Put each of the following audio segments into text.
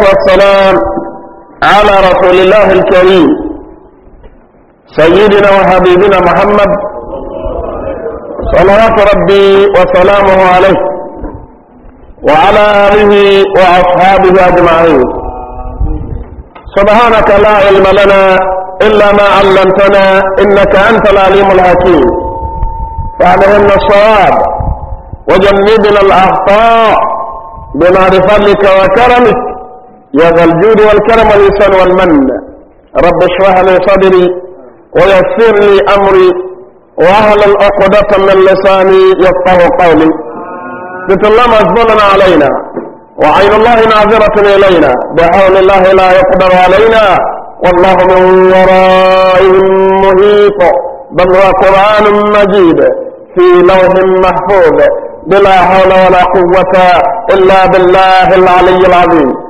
والصلاة والسلام على رسول الله الكريم سيدنا وحبيبنا محمد صلوات ربي وسلامه عليه وعلى آله وأصحابه أجمعين سبحانك لا علم لنا إلا ما علمتنا إنك أنت العليم الحكيم فعلمنا الصواب وجنبنا الأخطاء بمعرفتك وكرمك يا ذا الجود والكرم والإحسان والمن رب اشرح لي صدري ويسر لي أمري وأهل العقدة من لساني يفقه قولي بيت الله مجبولا علينا وعين الله ناظرة إلينا بحول الله لا يقدر علينا والله من ورائهم محيط بل هو قرآن مجيد في لوح محفوظ بلا حول ولا قوة إلا بالله العلي العظيم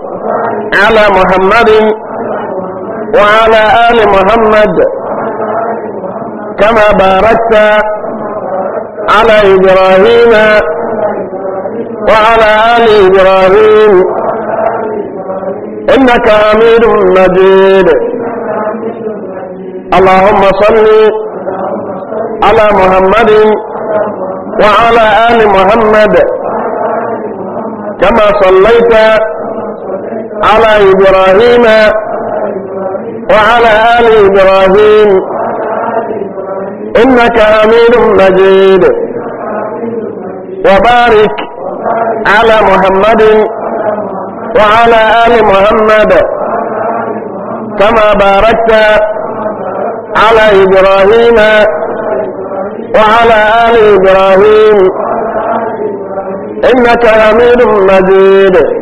على محمد وعلى آل محمد كما باركت على إبراهيم وعلى آل إبراهيم إنك أمير مجيد اللهم صل على محمد وعلى آل محمد كما صليت على إبراهيم وعلى آل إبراهيم إنك أمين مجيد وبارك على محمد وعلى آل محمد كما باركت على إبراهيم وعلى آل إبراهيم إنك أمين مجيد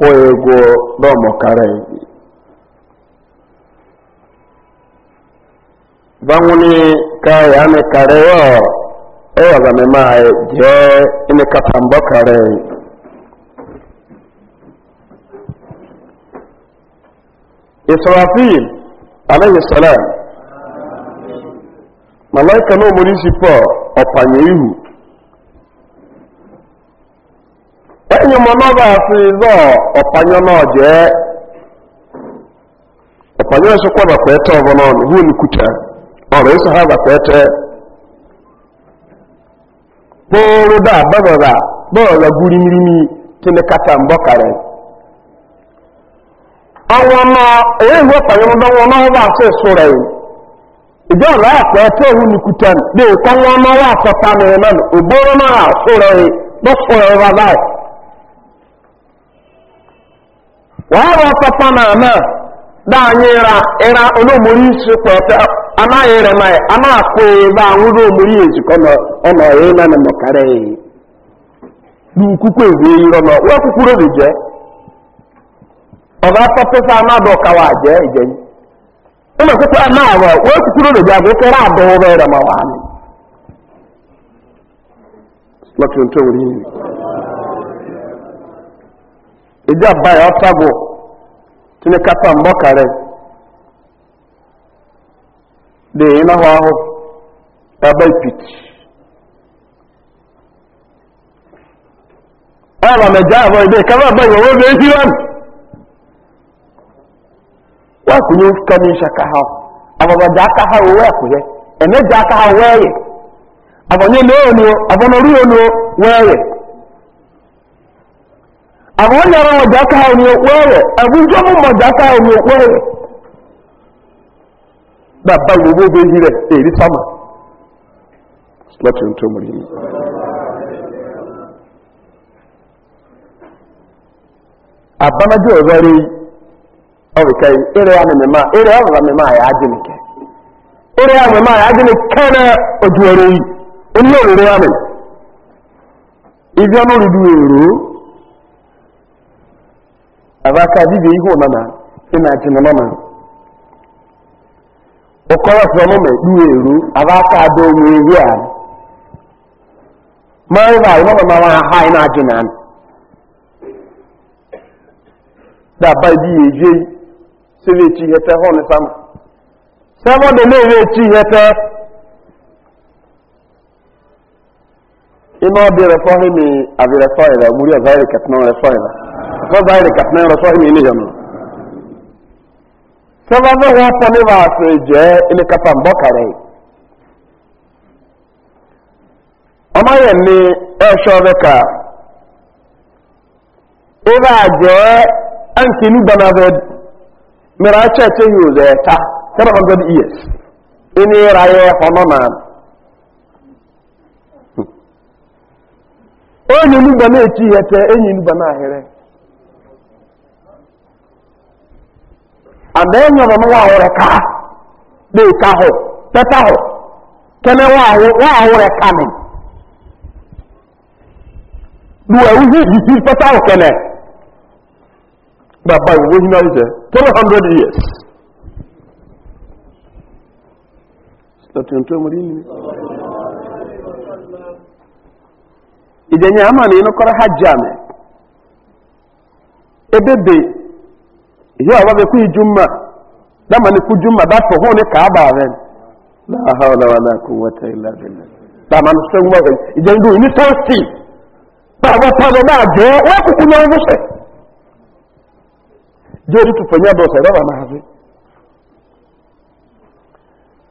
kwụọ ego n'ọmụkara ebi banwuni ka ya ne kare yo e wa ga me ma e je ine ka tambo kare israfil alayhi salam malaika no muri sipo opanye ihu ẹ̀yìn mọ̀nàbà sí ìzọ́ ọ̀pányọ́ náà jẹ́ ọ̀pányọ́ ẹ̀ṣọ́kọ́ bà pẹ́ẹ́tẹ́ ọ̀bọ̀ náà ní hùn kùtà ọ̀rọ̀ ìṣọ́ ha bà pẹ́ẹ́tẹ́ kpóòrò dà bẹ́bẹ̀rà bọ́ọ̀lá gúrímírímí tí ní kàtà ń bọ́kàrẹ̀ àwọn ọmọ èyí ọ̀pányọ́ náà wọn náà sí ìjọ ní wọn náà náà náà yìí wàhálà ọ̀sọ̀pá náà náà dáàyè ra ẹra olóòmórí na anáyè rẹ̀ náà anáàkó ẹ̀bá àwọn olóòmórí èjìkọ́ ọ̀nà ẹ̀yẹ náà mọ̀kárẹ̀ yìí ní kúkú èwé yìí rọ̀nà wọ́n kúkú rẹ̀ jẹ́ ọ̀gá pọ́pẹ́fà anáàbọ̀ káwà jẹ́ ìjẹ́ yìí kúkú kúkú wà ní. eji aba ya ọta bụ tinekata mbọ karị dị ịnahụ ahụ ebe ipiti ọla meja abọ ebe kama abọ ya ọwụ ezi wan wakunye kani shaka ha ababa ja aka ha owe akwụye eme aka ha wee àwọn ọ̀nyàrá ọ̀jà ká omi òpó ẹ̀rẹ̀ àbújọ́ mú mọ̀jà ká omi òpó ẹ̀rẹ̀ bàbá ìwòwò bẹ yí rẹ̀ èrí sámà lọ́tún tó mú rí àbámájọ́ ọ̀rọ̀ rí ọ̀rùkẹ́ eré wa mímá a ya abaka bibi ihe ụnana ina na ụkọrọ fọmụ ma ekpuwe eru abaka ada onye eri a ma ịba anyị nọ mara ha anyị na na daba ibi ya eje sebe echi ihe te họn sama na-ere echi ihe te ịnọ dị refọ ihe mi abịrịfọ ịra muri ọzọ na lọ́gbà ìrìkà náà rọ̀ṣọ́ ìmì ní ìyọ̀nà sọ́bàbà wọn fọ́ ní wàásù ìjẹ́ ilé kápá mbọ́kàrẹ́ ọmọ yẹn ní ẹ̀ṣọ́ bẹ́ka ìbá jẹ́ ẹnkìlú gbanabẹ́ mìíràn chẹ́ẹ̀chẹ́ yóò zẹ̀ ta seven hundred years ìní ìráyẹ ọ̀nà náà onye nugba na-eti ihe tee enyi nugba na ahịrị and ẹ̀yìn ọ̀nà wà áwọ̀ rẹ̀ ká hù hù kẹ́mẹ́ wà áwọ̀ rẹ̀ ká mi. lu ẹ̀wù sí ìdìsí hù kẹ́mẹ́. bàbá náà three hundred e àwọn ọmọ iju mma dáàmà ní kú jùmọ̀ bá fọ̀ hún ní kàábà rẹ̀ láhà ọ̀làwà náà kú wọ́tẹ̀ ìlàbẹ̀lẹ̀ dáàmà ní sẹ́wọ́n rẹ̀ ìjọ ìlú ní tó sì pàwọ́ pàwọ́ náà jẹ́ wọ́n kúkú ní ọdún sẹ̀ jẹ́ orí tuntun ní ọdún na rọ́bà máa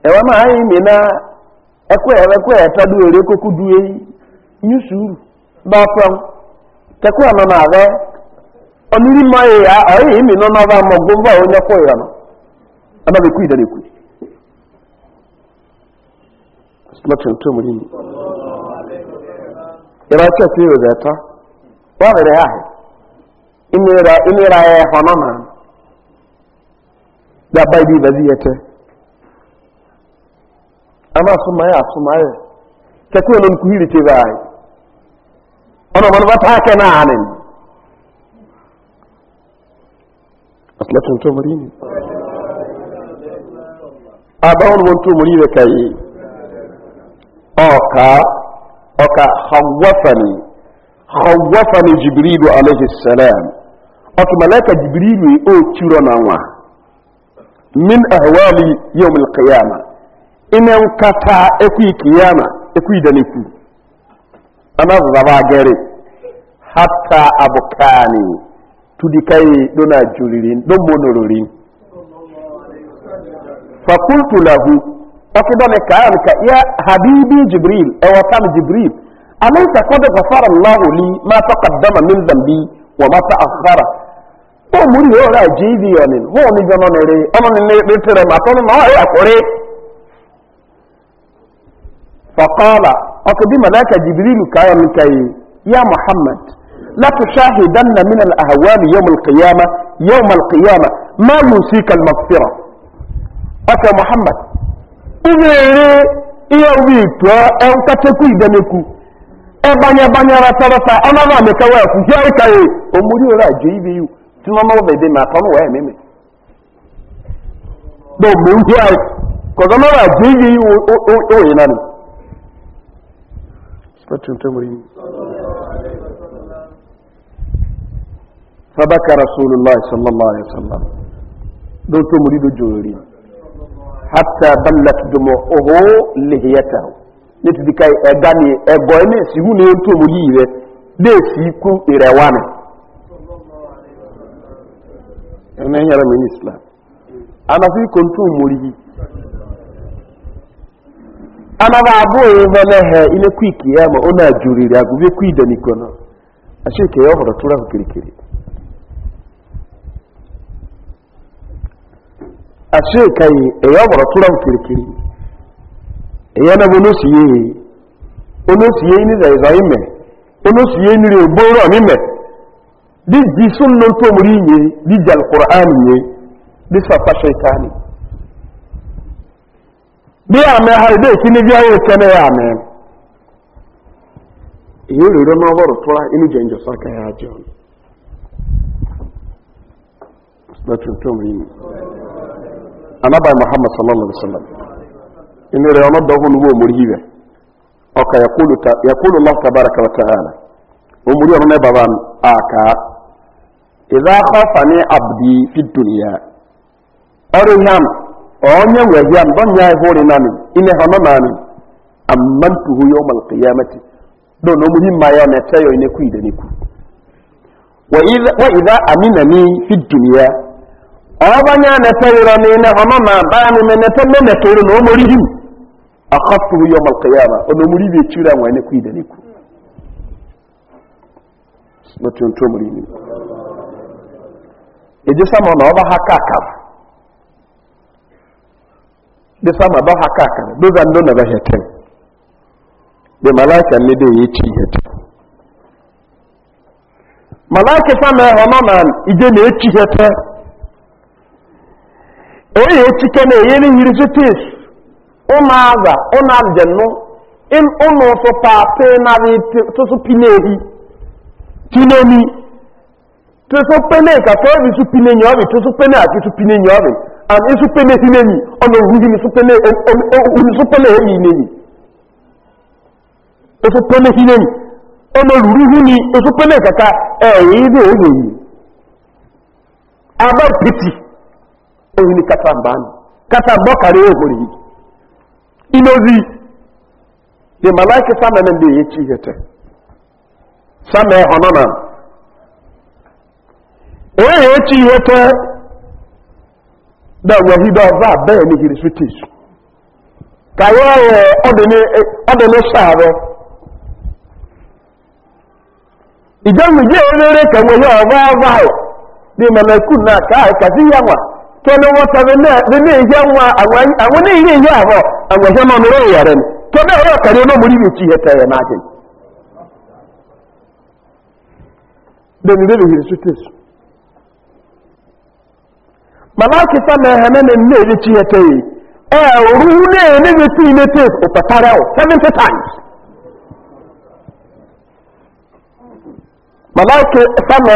ẹ̀wọ́n máa ń ẹ̀rọ èrè oniri mmaye ya ọyị imi nọ n'ọba ma mba onye kwụ ya nọ anabekwu idere ekwu smatrin tó mu nínú yàrá tí a ti rò ha inú ra ẹ̀ hàn náà a bá ibi a máa sún máa yà sún máa atlatan to muri ne a bawon wani to muri da ka yi ọka ọka hawafani hawafani jibrilu alaihi salam ọtụ malaika jibrilu o ciro na nwa min ahwali yawm alqiyama ina nkata ekwi kiyama ekwi da niku ana zaba gare hatta abukani tudi kai dona juririn don monororin fakultu lahu afidane kayan ka ya habibi jibril ewatan jibril alaysa qad ghafara allah li ma taqaddama min dhanbi wa ma ta'akhkhara to muri yo ra jibi yonin ho mi gono nere ono ne ne tere ma to no ya kore faqala afidi malaka jibril kayan kai ya muhammad تشاهدن من الأهوال يوم القيامة يوم القيامة ما يوسيك المغفرة أكا محمد أبيري إيا ويتوا أو تتكو دنكو أبانيا بانيا رترتا أنا ما مكواك جايكا أمولي لا جيبيو تنمو بيدي ما كانوا وهمي دو بوجاي كذا ما جيبيو أو أو أو أو أو فبكى رسول الله صلى الله عليه وسلم دوتو مريد جوري حتى بلت دموعه لهيته nítorí ya ẹ̀dá ni ẹ̀bọ̀ ẹ̀ náà sí na tó mú yìí rẹ̀ lè sí ikú na nì ẹ̀nà ẹ̀yàrá mi ní islam anáfi kò tó mú yìí ashe kai eya bɔra turan kirikiri eya na bolo si ye olo si ye ni zayiza yi mɛ ni re gboro ni di sunno tomori ye di jal qur'an nye di safa shaitani bi a mɛ hali de kini bi a ye kɛnɛ ya mɛ eyi o ma bɔra tura ini jɛnjɛ ya jɔ. anabai muhammad sallallahu alaihi wasallam in re ono dogo nuwo muribe oka yaqulu ta yaqulu allah tabaaraka wa ta'ala umuri ono baban aka idha khafani abdi fi dunya ore nyam onye we yam don nyai hore nani ine hono nani amantuhu yawm alqiyamati ya no muri mayo ne tayo ine ku ide ni ku wa idha wa idha aminani fi dunya ọbanya neterero nene ọma ma bani me nete me netoro na omori hiu akhafuhu yawm alqiyama ono muri be chura mwa ne kwide ne ku smati on tomori ni eje sama na oba haka aka de sama ba haka aka do na ba heten de malaika ne de yichi heten malaika sama ọma ma ije na echi heten oyi etike na eyeli yiri fitis ụmụ aza ụmụ aljannu ụmụ ụsụpa pe na bi tusu pinehi tineni tusu pene ka so bi su pine nyo bi tusu pene a tusu pine nyo bi an isu pene tineni ono huhi ni su pene oni su pene eyi neni isu pene tineni ono ruruhu ni isu pene kaka eyi ebe eyi abar piti oyi ni kata mbaani kata mbɔ kari o hori inozi di malaiki sama ne de yeti yete sama yɛ hɔnɔ na eye yete da wahi da ɔba bɛyɛ ni hiri su ọrụ. kayo kẹ̀wé ọba ọba di náà kẹnu wọn tàbí náà bí ní ìyá wọn àwọn ní ilé ìyá àwọ àwọn ìyá máa mìíràn ìyá ni tó ọ̀rọ̀ kàrí ọmọ mi ti yẹ tẹ̀yẹ náà jẹ. lẹ́nu lè lèyìn sí tẹ̀sù. màláàkì sábà ẹ̀hẹ́ ní ẹ̀ ní seventy times. màláàkì sábà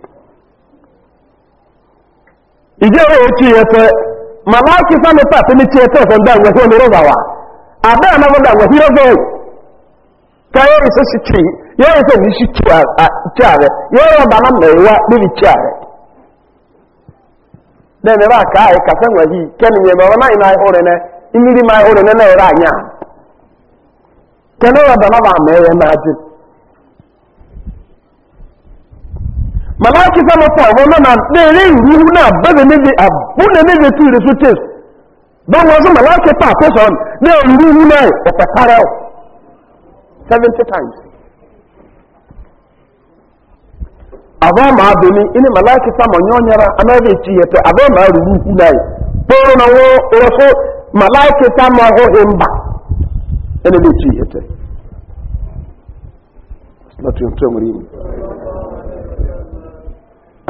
ìjẹ́wọ́ ojú yẹn fẹ́ màláàkì sáré pà tí ní tí ẹ̀tọ́ ọ̀fẹ́ gbà wẹ̀ fún onírọ̀bà wa àbẹ́ àmọ́ gbà wẹ̀ fún ọgbẹ́ káyọ̀ ìṣe sí tì yóò ìṣe ní sí tì ààrẹ níbi bá ká wọ̀ yìí kẹ́ni náà malaki sama ta na na dere ruhu na bebe na be abune ne don wazo malaki pa ko son de na o ta pare o 70 times aba ma beni ini malaki sama nyonyara ana be ti yete aba ma ruhu na poro na wo o malaki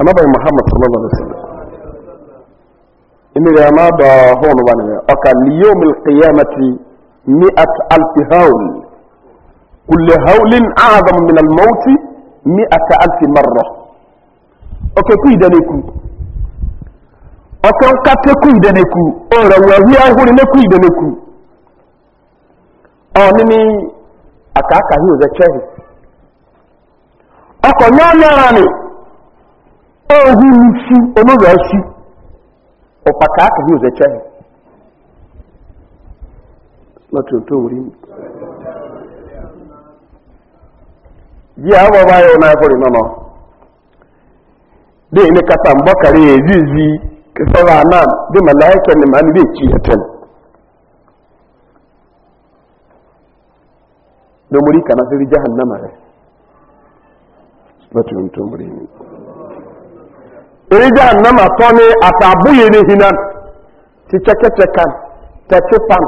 محمد صلى الله عليه وسلم إن ma da hono وانه aka ليوم القيامة مئة ألف هول كل هول أعظم من الموت مئة ألف مرة أوكي كي دانيكو أوكي كاتي كي دانيكو أولا وهي أهولي نكوي دانيكو أونيني أكاكا هيو ذا شاهد أكو نعم يراني ehi nsi onoro asi ọpaka akụrụ ụzọ echeghị lọtụ otu nwere ime ji a gbaba ya ụna akwụrụ nọ nọ dị ne kasa mbọ karị ya ezi ezi kisara anam dị ma na eke ne ma ndị echi ya tem domori kana siri jahannama rẹ lọtụ otu nwere ime erija nama tɔni atabuye ne hina ti kyɛkyɛkyɛ kan tɛti pan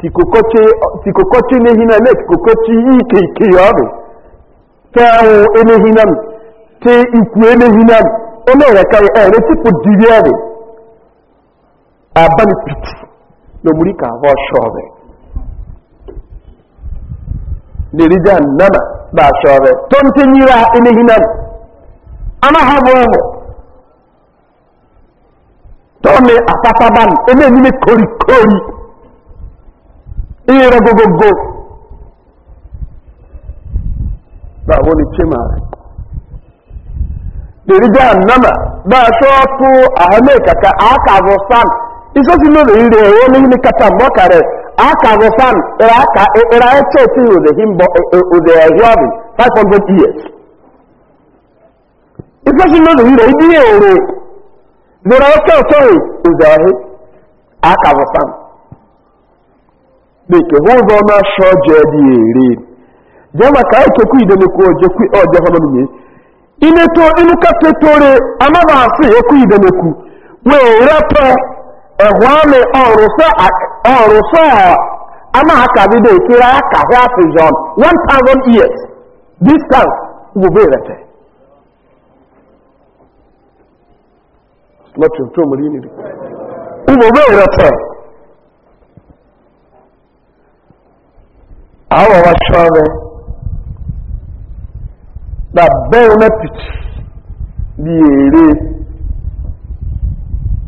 ti kokɔkye ti kokɔkye ne hina ne kokɔkye yi keike yɔɔbi tɛɛwo ne hinan te ikue ne hinan ɔno yɛ ka yɛ ɛyɛ ti po dibiɛbi piti na omuri ka hɔ sɔɔbi ne erija nama ba sɔɔbi tɔnte nyira ne hinan ana ha dọ́ọ̀mì àfáfábàn eléyìí ní kórìkórì iye rẹ̀ gbogbogbò báwo ni chima rẹ̀ dèrìjà nàmà bá a sọ fún àhámé kàkà àákàbọ̀ fan iṣẹ́ sí lórí rẹ̀ ẹ̀rọ ní kàtà mọ́kà rẹ̀ àákàbọ̀ fan ẹ̀rọ àkà ẹ̀rọ five hundred years iṣẹ́ sí lórí rẹ̀ ihe èrè. bụrụ oke ụtọghị nzọhị akabụsam dịka hụ ụzọ ọma shọ je dị ere ka maka ekekwu idenekwu ojekwu ọjọ hụ n'onye ineto inukate tore anaba asị ekwu idenekwu wee repọ ehwame ọrụsọ ọrụsọ ama akabido ekere aka ha asị jọn thousand years distance bụ bụ lọ́tùntún mú ní nìdí ìbòbó ìrẹ́tẹ̀ àwọn wa ṣọ́rẹ́ na bẹ́ẹ̀ na pìtì bí ere,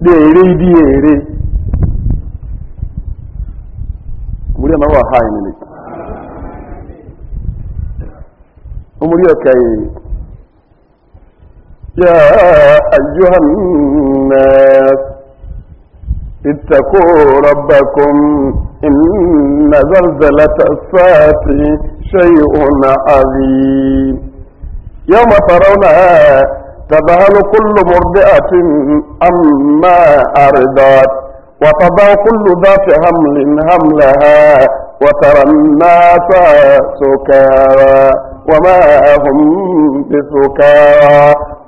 bí ere bí ere. múrí àmà wà ha ìnìyàn múrí ọ̀kẹ́ yìí يا أيها الناس اتقوا ربكم إن زلزلة الساعة شيء عظيم يوم ترونها تذهل كل مرضئة أما أرضت وتضع كل ذات حمل حملها وترى الناس سكارى وما هم بسكارى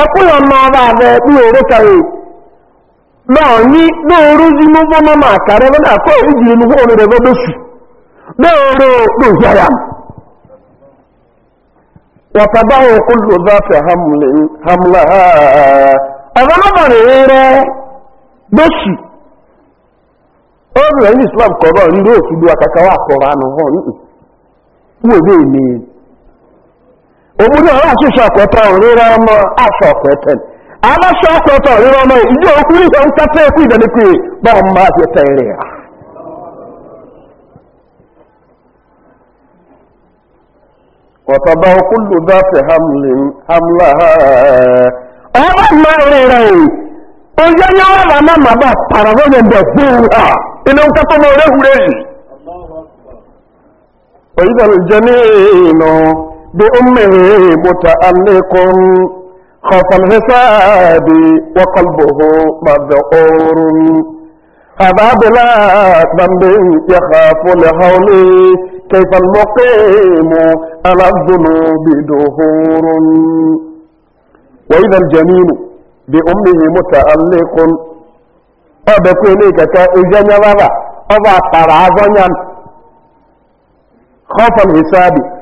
ẹkúyọ mma bá bẹ ní òru kàwé náà ní n'ụgbọ sí ní fún mọ́mọ́ àkàrẹ́ lọ́nà na ìjì e ní ebe òru rẹ̀ lọ́dọ̀sù lóoru lóòsì àyà wàtàbáwò kó lò ha hamlẹ̀ ọ̀rọ̀ náà rẹ̀ rẹ̀ lọ́sù islam ụwa omúdí ọ̀rọ̀ àṣìṣe ọ̀pẹ̀tọ̀ ríra ọmọ aṣọ ọ̀pẹ̀tẹ̀ aláṣọ ọ̀pẹ̀tọ̀ ríra ọmọ ìdí òkú ní nkata ń kẹ́tẹ́ ẹkú ọmọ àpẹ̀tẹ̀ rẹ̀ wọ̀tọ̀bá okúlù bá hamla hamlá ọmọ ìmọ̀ rẹ̀ ojú ẹni wọn là má má bá paravọ́ yẹn ha inú ma ọ ní بأمه متألق خاف الحساب وقلبه مذعور هذا بلا ذنب يخاف لهولي كيف المقيم على الذنوب دهور وإذا الجنين بأمه متألق أبكيني كتا إجاني بابا أبا فرعزنيا خاف الحساب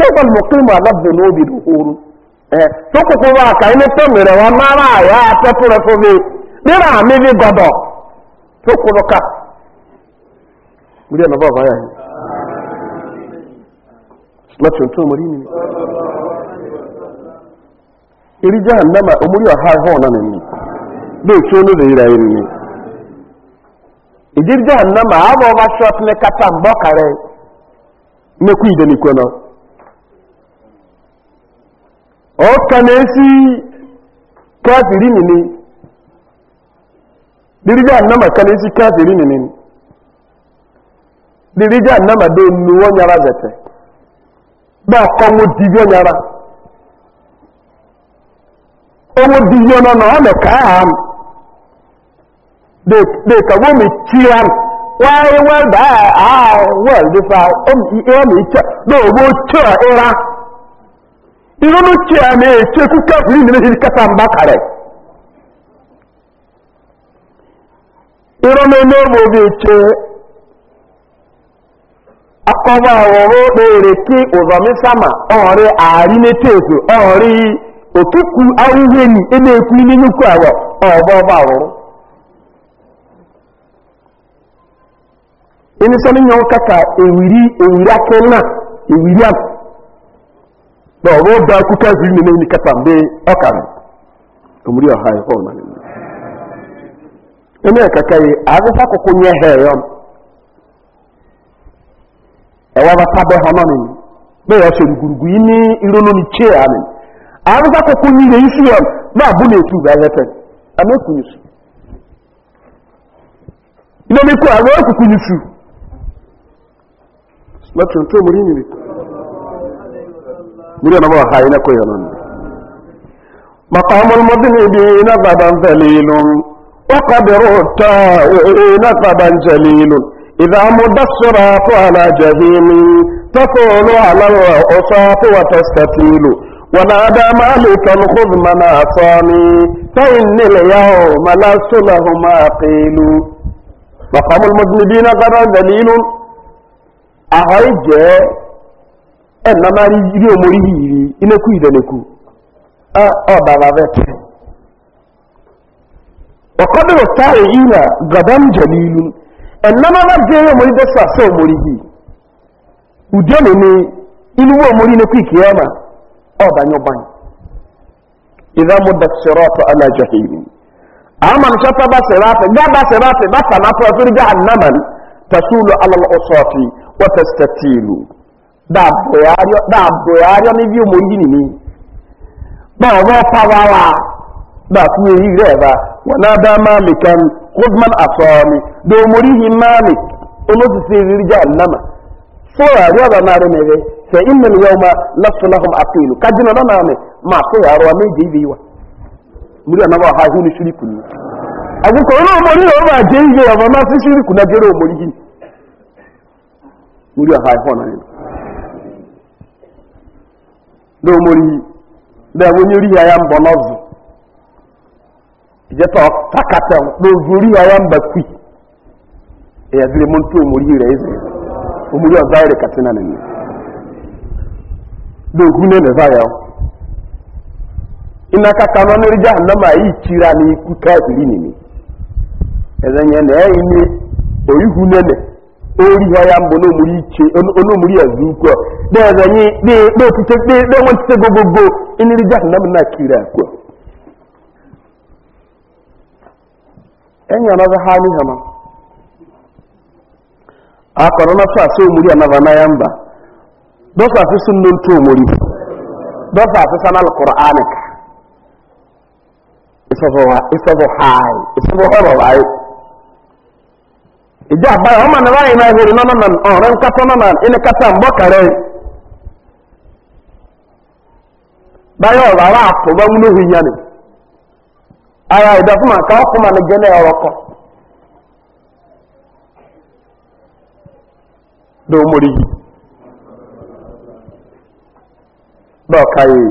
كيف المقيم على الذنوب دهور تقوكو واكا إن تمر ومارا يا تطر فبي نرى مذي قضاء تقوكو واكا مليانا بابا يا هي لكن تو مريني iri jahannama omuri ọha ọ̀ọ́kà na-esi nìní dìríjà na-esi nìní dìríjà nàmà dé nuwọ́ nyara zẹ̀tẹ̀ bá kọ́wọ́ nyara owó dìbíọ́ nọ́nà ọ̀nà káà dè kàwọ́ mi kíra nù wáyé wọ́n bá àá wọ́n fa irono cyane cyeku kafiri nene hili katamba kare irono nobo na akoba woro dereki uzomi sama ore ari neteku ori otuku awuheni enyi ni nyuku awo obo ba woro ini sani kaka ewiri ewiri ewiri na ọrụ ọba akwụkwọ azụ ime n'onye kata mgbe ọ ka nọ omuri ọha ihe ọ nọ ene kaka yi azụta akwụkwọ nye ha ya ẹwà bá sábẹ nọ nìyí bẹẹ ọsẹ ngurugwu yìí ní ìrònú ní kye ha nìyí azụta akwụkwọ nye ya isi ya náà bú n'etu bá ihe tẹ ẹnu ekwu nyi su ilé mi kú nyi su nyi مرينا بقى خاينا كويلون مقام المذنبين غدا ذليل وقدر التائهين غدا جليل إذا مد الصراط على جهيم تطول على العصاة وتستثيل ونادى مالكا خذ من أعصاني فإني اليوم لست لهما قيل مقام المذنبين غدا ذليل أهيجي ẹ̀nà máa rí rí omori yìí rí inékú ìdẹ̀lẹ̀kú ọ̀bàbà bẹ́ẹ̀ ọ̀kọ́dọ̀rọ̀ táyẹ̀ yìí na gàdán jẹ̀lú ìlú ẹ̀nà máa bá jẹ́ rí omori dẹ́sọ̀ àṣẹ omori yìí ùdí ọ̀nà ni inú wọ́n omori inékú ìkìyà ọ̀nà ọ̀bànyẹ ọ̀bànyẹ ìdá mú dẹ̀sọ̀rọ̀ ọ̀tọ̀ alájọ ìlú àmà ní dáàbò àárọ̀ níbi òmòrí nìmi báwọn pàwàwà bá fún èyí rẹ̀ bá wọn náà dá malik ẹni hudman àtọ́ọ̀mì dé òmòrí yìí malik olóṣìṣẹ́ ìrírí jẹ́ ànámà fún àárọ̀ bá náà rẹ̀ mẹ́rẹ́ fẹ́ ìmìlì yẹn ma lọ́sọ̀lọ́hùn àpèlú kájínà náà náà mi máa fún àárọ̀ méje ìbí wa múlẹ̀ náà wà hàhún ní ṣúríkù ni àgbẹ̀kọ̀ olóòmòrí yóò máa jẹ́ ìgbéyàwó náà sí ṣúríkù náà jẹ́rẹ̀ òmòrí na na omori na onye ri ya mbọ n'ọzụ ijeta takata n'ozu ri ya mba kwi e ya zire mu ntu omori ire eze omori ọzọ ire katina nene na ogu ne ne ya ina kaka nọ n'eri jahannama yi kira na iku kafiri nini ẹzẹ nye na ẹyi e ni oyihu nene oriwa ya mbụ n'omuri iche n'omuri ya zuku a dẹẹrẹ otite de de wọn tite gogogo eniri na kiri akwa ẹnyẹ anọdụ ha n'ihe ma akọrọ na fa omuri anaba na ya mba asịsị nnu ntu omuri asịsị na alụkọrọ anịka ịsọfọ ha ịsọfọ ha ha ìjà àbáyọ ọmọ ní báyìí máa hìrì nọ́nà nàn ọ̀rẹ́ ń kátọ́ nọ́nà ní ń bọ́ kàrẹ́ báyọ̀ ọ̀rọ̀ àpò bá wúlò hu yẹn ni ara ìdọ́fúnmà ká ọkùnmà ní gẹ́lẹ́ ọ̀rọ̀ kan ló mórí yìí bọ́ọ̀ka yìí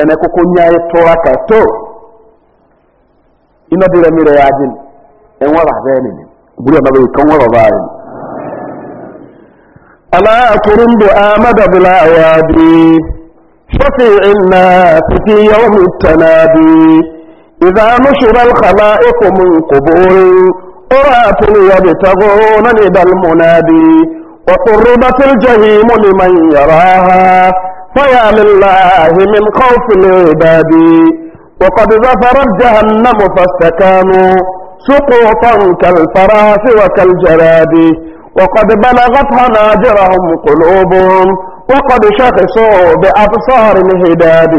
ene ko kunyaye tora ka to ino dire mire yajin en wala bene ni buri na bai kan wala bai ala qurun bi amada bil awadi shafi'inna fi yawm at-tanabi idha nushira al-khala'iq min qubur أرات يبتغون لدى المنادي وقربت الجحيم لمن يراها فيا لله من خوف العباد وقد ظفرت جهنم فاستكانوا سقوطا كالفراس وكالجراد وقد بلغت هناجرهم قلوبهم وقد شخصوا بأبصار الهداد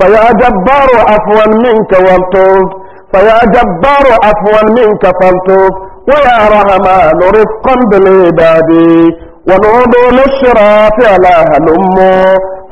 فيا جبار عفوا منك والطوف فيا جبار عفوا منك فالطوف ويا رحمن رفقا بالعباد ونعود للشراف على هلمه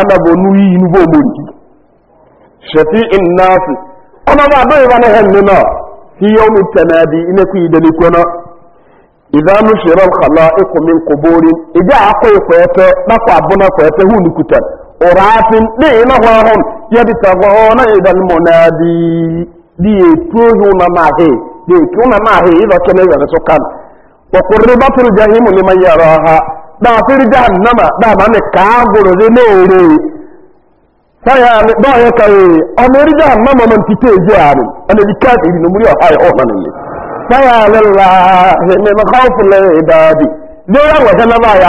ana bụ nu iyi nugo omori shafi in nasi ọnọ ba do ibana hen ni na fi yawmi tanadi ine ku idani ko no idza nushira khalaiq min ete na ko abuna ko ete hu nikuta urafin de ina ho na mahe di etuhu na mahe ido kene yare sokan wa qurribatul jahim liman yaraha dàfírí jahannama dàmà ní kàágùrù rí lóòrè sáyà ní báyẹ̀ kàwé ọmọ rí jahannama mọ̀ ti tèèjì àárín ọdẹ bí káàkiri ìrìn omúrí ọ̀há ẹ̀ ọ̀hán nìyẹ sáyà lẹ́la ẹ̀mẹ̀mẹ̀ káwọ́fùlẹ̀ ìdáàdì lórí àwọ̀jẹ́ náà báyà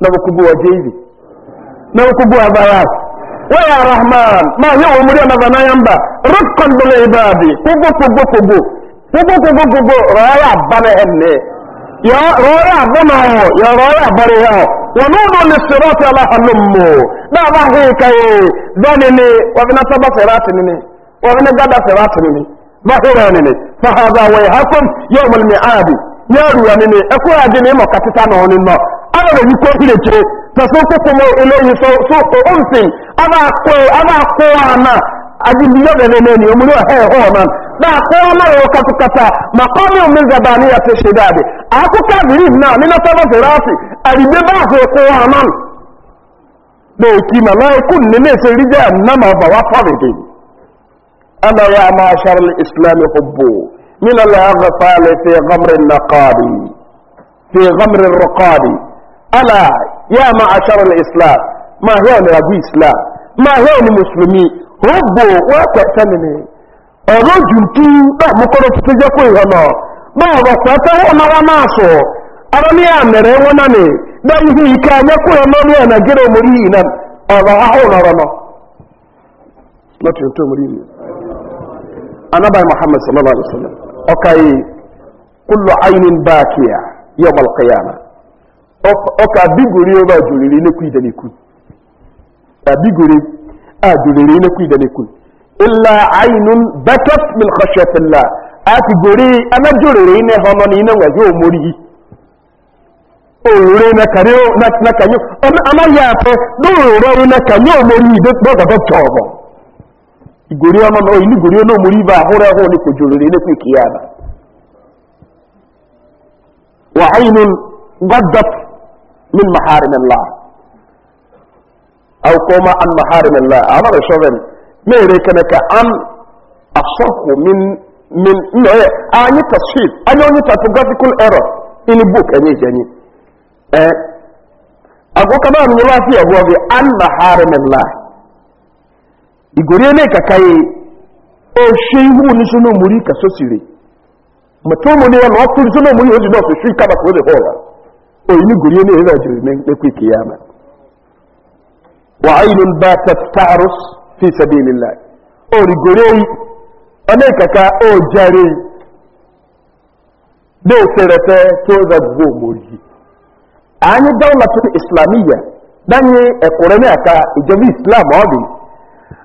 na n'obukuguwa jeizi n'obukuguwa barasi waya rahman ma ye wo muri ana bana yamba rukkan bil ibadi kugo kugo kugo kugo kugo kugo raya bana henne ya raya bana ho ya raya bare ho wa nudu lisirati ala halummu da ba he kai dani ne wa bina taba sirati ne wa bina gada sirati ne ba hura ne fa hada wa yahakum yawm al mi'adi yaro ya nene ẹkọ ya dini ma katita na ọni nọ ana na yikọ ile kye na so koko mo so so o onse ana akọ ana akọ ana adi miyo na nene ni omuni wa hẹẹ họọ na na akọ ya yọ katikata ma kọ ni omi zaba ni ya te se daade abiri na nina sábà fèrè ase àdìgbé bá a fẹ kọ na eki ma na eku nene ese ri jẹ anam aba wa fa mi من الأغفال في غمر النقاد في غمر الرقاد ألا يا معشر الإسلام ما هو ربي إسلام ما هو المسلمين ربوا وكأتنني الرجل كي تحم قرص تجاكوي هنا ما غفاته وما غماسه أرمي da ihe ike anya kwụrụ ya na gịrị omori iyi na ọrụ ahụ nọrọ nọ. n'otu ntụ omori Anabai Muhammad sallallahu alaihi wasallam. ọkaghị kụlọ ainin baaki ya yọm alkiyama ọka bigori ebe a jụrịrị inekwu ide n'ekwu a bigori a jụrịrị inekwu ide n'ekwu illa ainun bakat min khashatillah a ti gori ana jụrịrị ine ha nọ n'ine nwazi omori òwúrẹ́ nàkàrí nàkàrí ọmọ yà fẹ́ lóòrọ̀ nàkàrí omori ìdókòdó tọ̀ọ̀bọ̀ igori ama na oyili gori ono muri ba ahore aho ni kujurire ne kwikiyana wa aynun gaddat min maharim allah aw kuma an maharim allah ana ba shoben me re kana ka an asahu min min no ani tashid ani oni typographical error in book ani jani eh ago kama ni lafiya go bi an maharim allah igori ne ka kai o shi hu ni sunu muri ka so sire mutum ne wa tu sunu muri hoji do hola o ni gori ne ina jiri kiyama wa aynun batat ta'rus fi sabilillah o ni gori ne ka o jare do to da go muri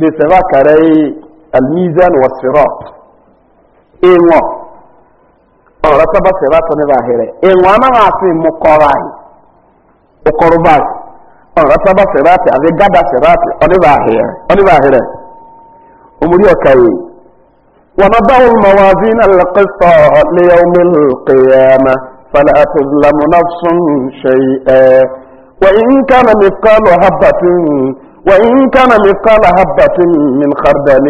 بسبا كري الميزان والصراط إنوا أو رتب صراط نباهرة إنوا ما عصي مقران وقربان أو رتب صراط أو قد صراط ونباهرة ونباهرة أمريو كي ونضع الموازين القسط ليوم القيامة فلا تظلم نفس شيئا وإن كان مثقال هبة وإن كان مثقال هبة من خردل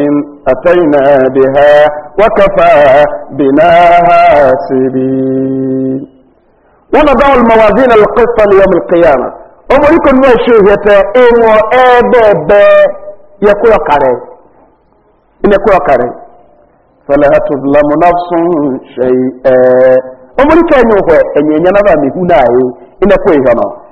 أتينا بها وكفى بنا حاسبين ونضع الموازين القصة ليوم القيامة أمريكم ما شوهت إنو إبب يكون قري إن يكون قري فلا تظلم نفس شيئا أمريكا ينوه إن ينبع هنا إن يكون هنا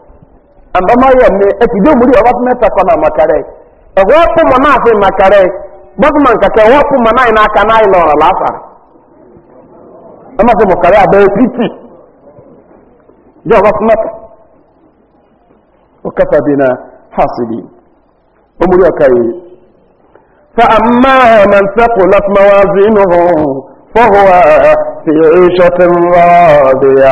and yɛ ne ɛtidɛ omuri ɔba fún ɛtɛ kɔ na makare ɛwɔ ọkụ mɔ na fún makare bɔtuma nkakɛ ɛwɔ ɛkó mɔ náà yɛ n'aka náà lọrọ lɔrɔ lásàrè ɛma mụ mɔkare abɛɛ titi yɛ ɔba fún ɛtɛ ɔkata bi na hasidi omuri ɔka yi fa amma man sako latuma wa zinu hɔn fɔwɔ fi ɛyɛ sɔtin ya.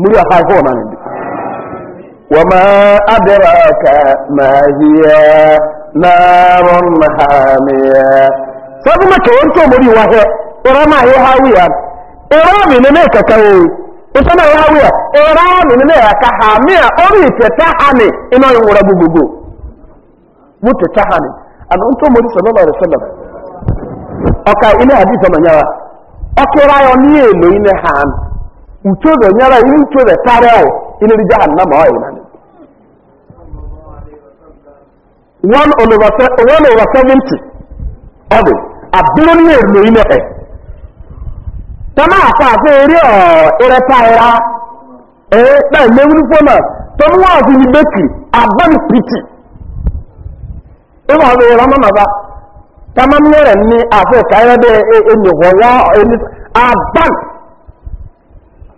muri a kai kowa nan wa ma adraka ma hiya narun hamiya sabu ma ke wanto muri wa he ira ma he hawiya ka kai ita e ma hawiya ira mi ka hamiya ori ta e ta hane ina yin wura gugugu mutu ta hane uchozo nyara ili uchozo tareo ili li jahannama wa inani one over one over seventy abụrụ imepe afọ eri ọ ịrịta ee na emewuru ọzọ bekiri ọzọ afọ ka dị e- e- ya e-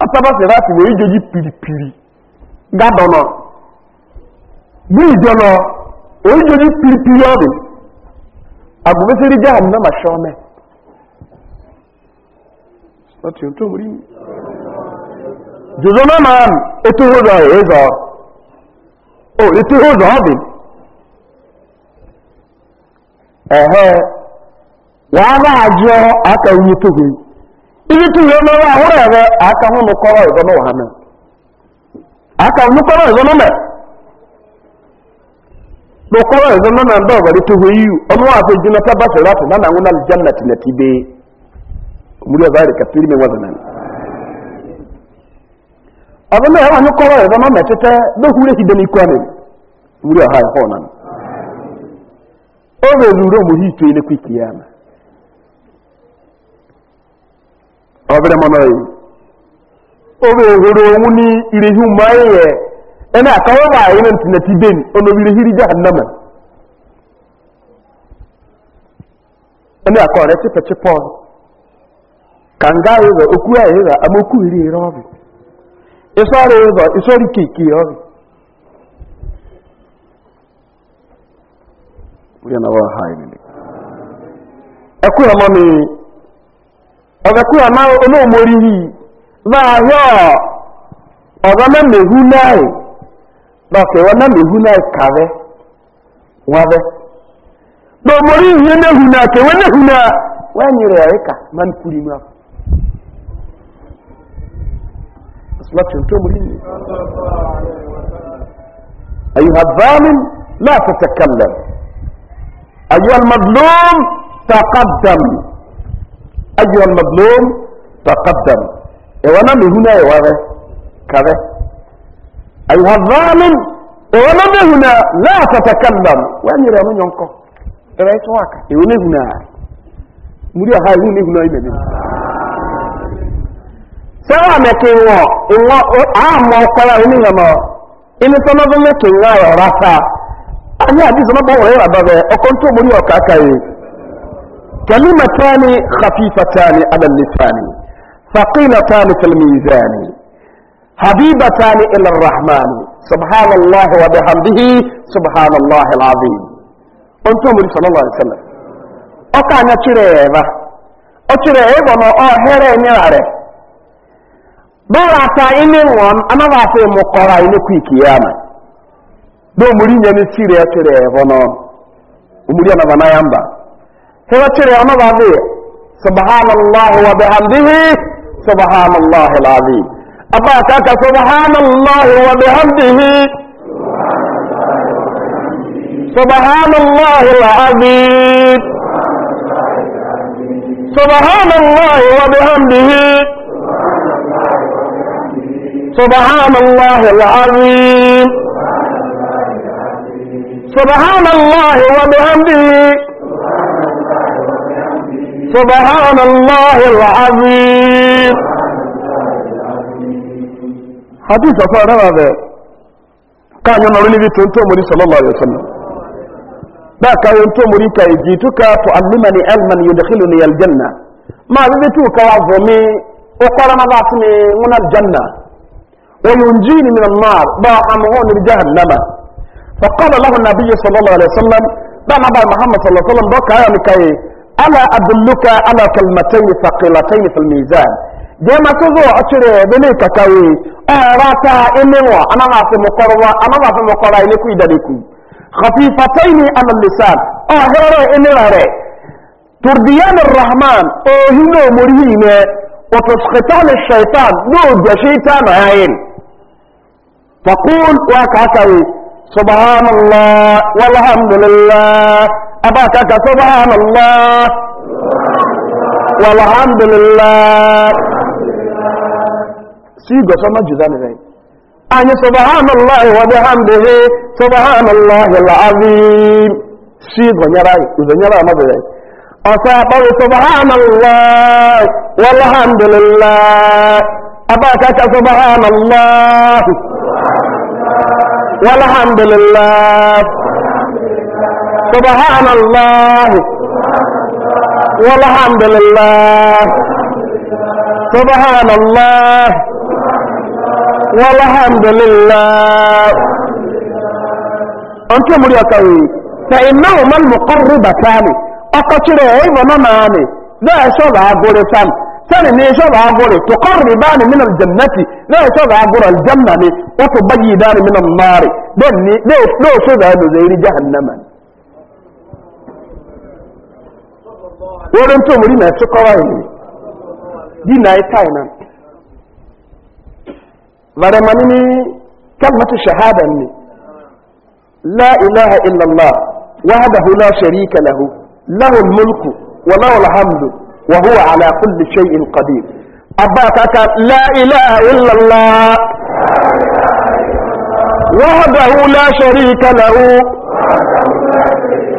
asaba serati wee joji piripiri gadọnọ bí ìjọlọ oyi joji piripiri ọrị agbụmesiri jahannama ma shọme láti ohun tó mú rí jùzọ náà máa ń ètò òzò ẹ̀ẹ́zọ̀ ò ètò òzò ọ̀bì ẹ̀hẹ́ wàá bá àjọ àkàwé tó gbé ihe tụrụ ọrụ ahụrụ ere aka hụ nụkọrọ ịzọ mee aka nụkọrọ nọ na ndị ọgara tụhụ iyu ọnụ ahụ eji na taba serati na nanwụ na lijan na tinetibe omuri ọzọ arịka piri me wazana ọzọ na ẹwà nụkọrọ na tete n'okwu dị n'ikwu amị omuri ọha ịhụ na oge omuhi ito ilekwa ike ya ọbẹ̀rẹ̀ mọ́nà yìí orí òhèrè ohun ní ìrìhì mọ́ ẹ̀yẹ ẹni àkọwọ́ bá ayé ní dé ní olóbìnrin hírí jẹ́ ànámẹ̀ ẹni àkọ́ rẹ̀ chípẹ̀chí pọ̀ kànga ìrọ̀ okú ẹ̀yẹ̀rọ̀ amókù ìrì ìrọ̀ ọ̀rì ìsọ́rọ̀ ìrọ̀ ìsọ́rì kìkì ọ̀rì ẹkú mi ọ̀fẹ́kú ọmọ olóòmórí yìí bá yọ́ ọ̀rọ̀ mẹ́mẹ̀hú náà lọ́kẹ̀wọ́ mẹ́mẹ̀hú náà kàrẹ́ wọ́n bẹ́ lọ́mọrí yìí mẹ́hù náà kẹwọ́ mẹ́hù náà wọ́n yìí rẹ̀ ẹ̀ka máa ń kúrì mọ́ أيها الظالم لا تتكلم أيها المظلوم تقدم ewenahueaak samụkịlea nalka e ararata anyị aawr a ọkọ ntụ gbur ọka kahe كلمتان خفيفتان على اللسان ثقيلتان في الميزان حبيبتان إلى الرحمن سبحان الله وبحمده سبحان الله العظيم أنتم صلى الله عليه وسلم وكان يتريبا أتريبا ما أهر نيارة بارتا إني وام أنا باتي مقرأ إني كي كياما دو مرين ينسيري أتريبا نو ومرين أنا بنا ينبا تبتري أما بعضي سبحان الله وبحمده سبحان الله العظيم أباكك سبحان الله وبحمده سبحان الله العظيم سبحان الله وبحمده سبحان الله العظيم سبحان الله وبحمده سبحان الله العظيم حديث أفعل هذا كان ينورني بتنتو مري صلى الله عليه وسلم دا كان ينتو مري كي جيتك تعلمني علما يدخلني الجنة ما بيتوك وعظمي وقال ما بعثني من الجنة وينجيني من النار دا أمهون بجهنم فقال له النبي صلى الله عليه وسلم لا نبع محمد صلى الله عليه وسلم دوك هيا مكاي ألا أدلك على كلمتين ثقيلتين في الميزان جمع تزور أشري بنيك كوي أراتا آه، إنوا أنا ما في مقرة أنا ما في مقرة إليكو إدليكو خفيفتين على اللسان أهرى ري ترديان الرحمن أهنو آه، مريم وتسخطان الشيطان نود شيطان عين تقول وكاكوي سبحان الله والحمد لله أباكك سبحان الله والحمد لله سيقى سمع جزاني ذي أني سبحان الله وبحمده سبحان الله العظيم سيقى نراي إذا نرى ماذا ذي أصابه سبحان الله والحمد لله أباكك سبحان الله والحمد لله سبحان الله والحمد لله سبحان الله والحمد لله أنت مريكاوي فإنهما المقربتان أقتل عيبنا مامي لا شبع قرسان ثاني ني شبع قري تقربان من الجنة لا شبع قرى الجنة وتبيدان من النار دني ليش لو شبع زي جهنم wọ́n tó mú rí náà tó kọ́wà yìí yìí náà ẹ̀ka ìná varemani ni kalmatu shahada ni la ilaha illallah wahdahu la sharika lahu lahu mulku wa lahu alhamdu wa huwa ala kulli shay'in qadir abaka ka la ilaha illallah wahdahu la sharika lahu wahdahu la sharika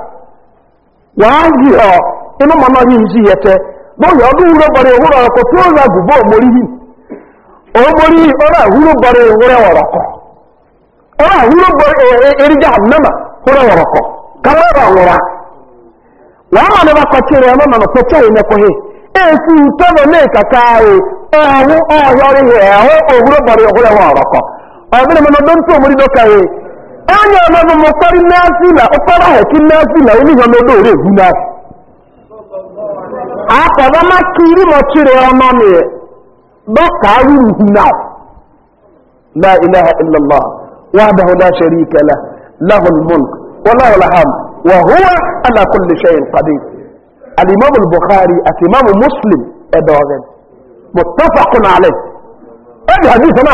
wàáhì ọ̀ inú mọ̀ náà yìí sí yẹtẹ bóyá ọdún wúrọ̀ bọ̀rẹ̀ ìwúrọ̀ ọkọ̀ tó ń ragù bó mórí yìí ó mórí ọ̀rọ̀ àwúrọ̀ bọ̀rẹ̀ ìwúrọ̀ ọ̀rọ̀kọ̀ ọ̀rọ̀ àwúrọ̀ bọ̀rẹ̀ èrìjà ọ̀rọ̀kọ̀ ní tó èsì ní ọ̀yọ́rì òwúrọ̀ bọ̀rẹ̀ ọ̀rọ̀kọ̀ ọ̀gbìn onye ọmọdé mo kọ́rí na ó kọ́rọ̀ ẹ̀ kí náàfìlà oníhàn lọ́dọ̀ orí ègún náà àpọ̀dọ́ má kí irú mọ̀ tíre ọmọ mi la ilaha illallah وحده لا شريك له له الملك وله الحمد وهو على كل شيء قدير الإمام البخاري الإمام مسلم أدوغن متفق عليه هذا حديث ما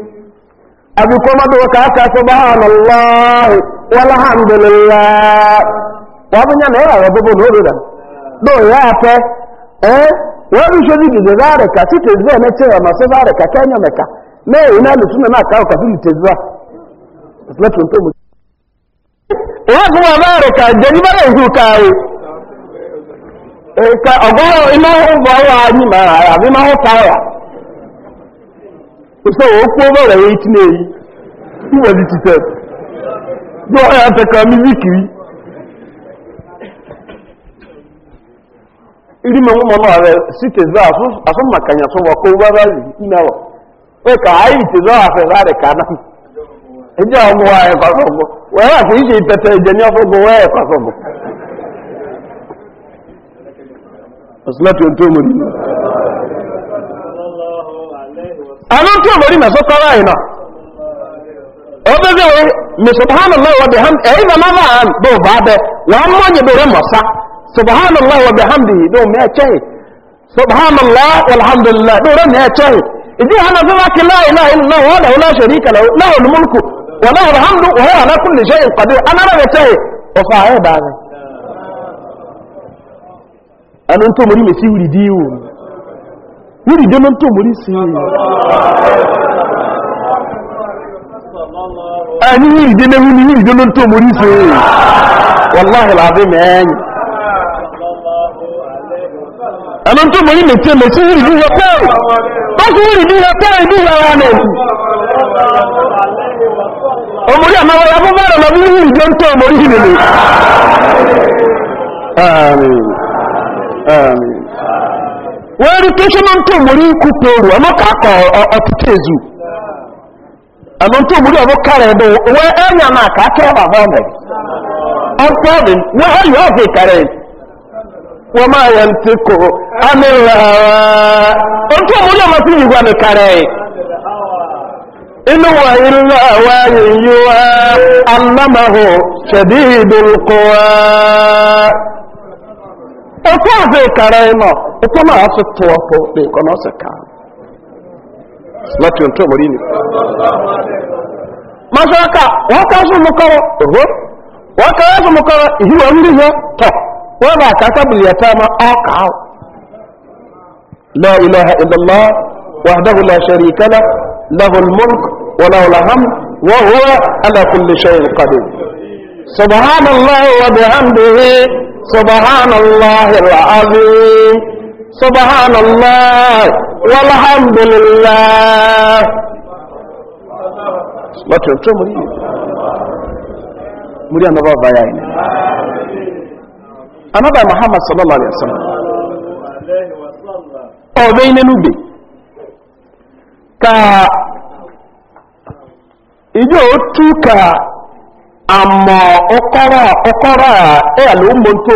abi kuma da waka aka subhanallah walhamdulillah wa bunya na yawa bubu no da ya eh wa bi shodi ka na masu so okwu ọgbara ya itinye eyi iwelitite jụọ ya teka mizikiri irime nwa mọnụ ahụ siteze asụ maka ya sụwa ka ụgbara inawa wee ka anyị iteze ahụ afọ zarị ka na eji ọgwụ anyị kwasọgwụ wee akwa ije itete eje nye ọfọgwụ wee kwasọgwụ ọsụlatụ ntomori àwọn tí ọmọ rí mẹ́sọ́ kọ́rọ̀ àìnà ọdọ́dọ́ mẹ́sọ̀bọ̀hánàláwọ̀ wọ́bẹ̀ hàm ẹ̀yìn bá máa hàn bó bá bẹ wọ́n mọ́ nyẹ̀bẹ̀ rẹ̀ mọ̀sá sọ̀bọ̀hánàláwọ̀ wọ́bẹ̀ hàm bì dó mẹ́ ẹ̀kyẹ́ sọ̀bọ̀hánàláwọ̀ alhamdulillah dó rẹ̀ mẹ́ ẹ̀kyẹ́ ìdí hàn náà fẹ́lá kí láì láì náà wọ́n lẹ́wọ́n náà ṣẹ̀rí kẹlẹ́ náà wọ́n múlùkù wọ́n náà alhamdu wọ́n hàn kún lè ṣe ìpàdé anára rẹ̀ tẹ́ ọ̀fà ẹ̀ bá rẹ̀ ẹnu tó mọ̀ ní mẹ́sí wùrì díwù ni wúrì dé mọ́tò mórí sí ẹni wúrì dé léwu ni wúrì dé mọ́tò mórí sí wàláhì làbí mẹ́ẹ̀yìn ẹ̀mọ́ tó mórí mẹ́tẹ́ mẹ́sí wúrì dí yẹpẹ́ bákú wúrì dí yẹpẹ́ ìdí yàrá nẹ̀ omori àmàwọ̀ abúbára lọ bí wúrì dé mọ́tò mórí sí lèlè wee rute shema omori kwupe amaka akọ ọtụtụ ezu ana omori ọbụ kara ebe wee na aka akịrị baba ọ na ọkụ ọdị wee ọzọ kara wọ́n máa yẹ ntí omori wa ɛtɔn a asotɔɔ so de nkɔ na ɔsɛ kaa lati ntɔ mɔri ni masaka waka so mu kɔrɔ oho waka so mu kɔrɔ ihi wa wuli hɛ tɔ wɔn ba kasa buli yɛ tɛma ɔkaa la ilaha illallah wahdahu la sharika la lahu almulk wa lahu alhamd wa huwa ala kulli shay'in qadir subhanallahi wa bihamdihi subhanallahi alazim سبحان الله والحمد لله ما تشوف مري مري انا بابا يا عيني انا محمد صلى الله عليه وسلم او بين كا ijo tuka amma okora okora e alu mo nto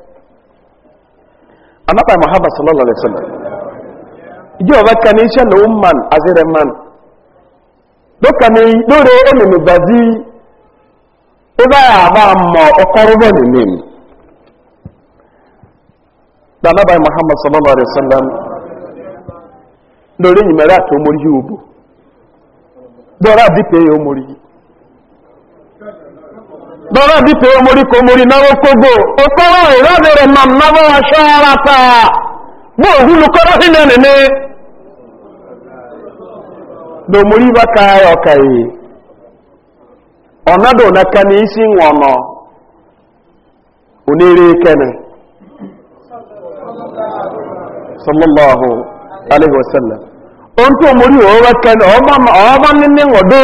anaba muhammad sallallahu alaihi wasallam ije ọba ka a iṣẹ na woman azere man dọka ni lórí ẹnìmí bazi ọba yà muhammad sallallahu omori omori dọ́rọ̀ bí omori kò mori náwó kógbò ó ma náwó aṣọ́ ara ta bó òhúlù kọ́rọ́ sí náà nìní lòmórí bá ka ọ̀kà yìí ọ̀nàdò nàka na isi nwọ̀nà onírè kẹ́nì sallallahu alaihi wasallam ohun tó omori ọ̀ọ́bá nínú ọ̀dọ́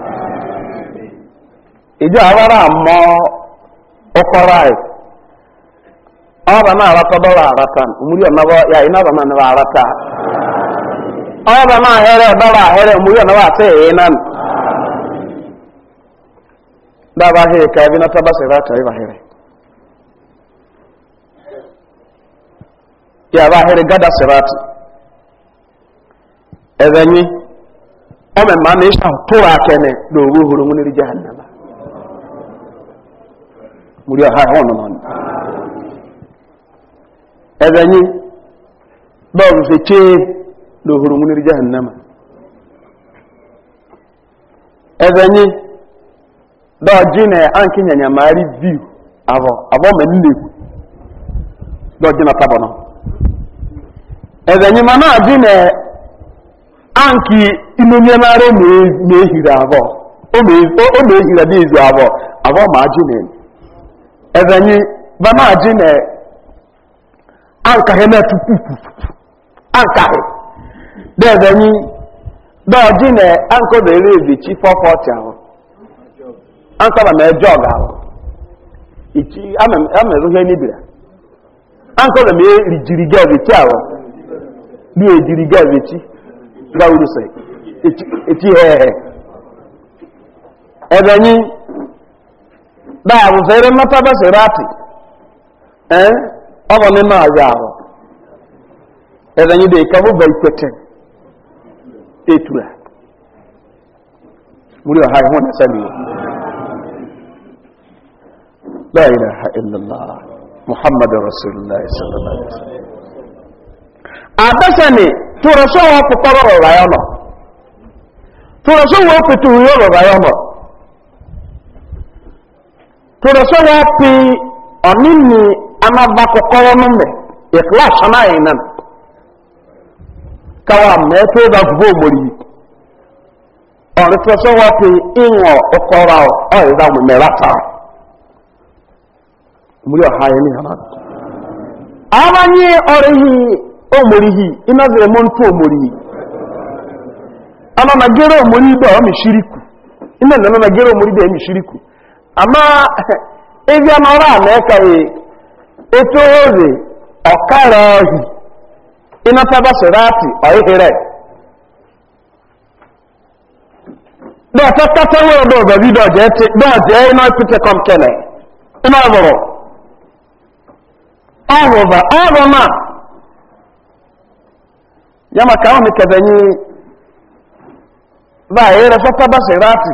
ìjọ àwárà mọ ọkọrọ àì ọba náà àràtọ dọrọ àràtà òmùrí ya na ọba náà nàbọ àràtà ọba náà hẹrẹ dọrọ àhẹrẹ òmùrí ọ̀nàbọ àti èyí na dábàá hẹrẹ ká ẹbí náà tábà sẹrẹ àtàrí bá hẹrẹ yàrá hẹrẹ gádà nyi ní muri ọha ahụ nọ n'ọnụ. ebe anyị bọọbụ fechee n'ohuru nwuniri jahannama ebe anyị dọọji na anki nyanya maari viu avọ avọ e ma nlekwu dọọji na tabọ nọ ebe anyị ma na-adị na anki imenye maara ọ na-ehiri avọ ọ na-ehiri adị ezu avọ avọ ma ajụ na-eme ẹ̀rẹ̀yìn bá máa nẹ̀ áǹkàhẹ́ mẹ́tù pùpù áǹkàhẹ́ dẹ̀ẹ̀rẹ̀yìn dọ́ọ̀jí nẹ̀ áǹkọ̀bẹ̀rẹ̀ ìbìchí fọ́fọ́tì àwọn áǹkọ̀bà mẹ́jọ ọ̀gá àwọn ìchí amẹ̀rúhẹ́ níbìrà áǹkọ̀bà mẹ́ ìjìrìgẹ́ ìbìchí àwọn bí ìjìrìgẹ́ ìbìchí gbáwúrúsẹ̀ ìchí ẹ̀ẹ̀ẹ̀ ẹ̀rẹ̀yìn daa wụsịrị mmata basịrị atị ee ọ bụ n'ime azụ ahụ ẹ̀rẹ̀yìn dẹ̀ ìkà fún bẹ̀rẹ̀ pẹ̀tẹ̀ ètùrà múrí na ìhún ya. ni láìlá ìlàlá muhammadu rasulullah sallallahu alaihi wasallam àbẹ́sẹ̀ni tó rẹ̀ sọ́wọ́ pẹ̀tọ́ rọ̀rọ̀ ra'yana toroso ya pi ɔnini anaba kɔkɔrɔ no mɛ ikhlas anayi nan kawa mɛ to ba ya pi inwɔ ɔkɔra ɔyɛ da mɛ rata muri ɔha yɛ ni hana aba nye ɔre hi omori hi ina mo ina na na ama ịbịa n'ọrụ a mee ka otu ozi ọkara ohi ịnataba serati ọihere dọtọtọtọ nwere ọdọ ọbọbi dọjee dọjee ịnọ ikutekom kene ịnọ ọbụrụ ọbụba ọbụma ya maka ahụ mekebe nyi ba serati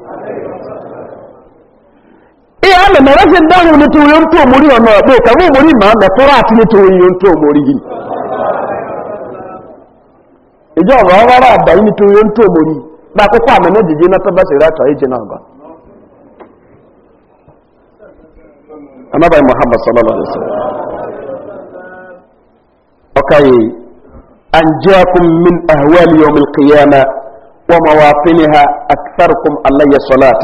ori na rase ndawo ni tuyo ntu omori ono be ka wo ma na tora ati ni tuyo ntu omori yi ejo wa wa ra ba ni tuyo ntu omori ba ko kwa meno jije na to ba se ra to eje na ba anaba muhammad sallallahu alaihi wasallam okay anjaakum min ahwali yawm alqiyamah ومواطنها أكثركم علي صلاةً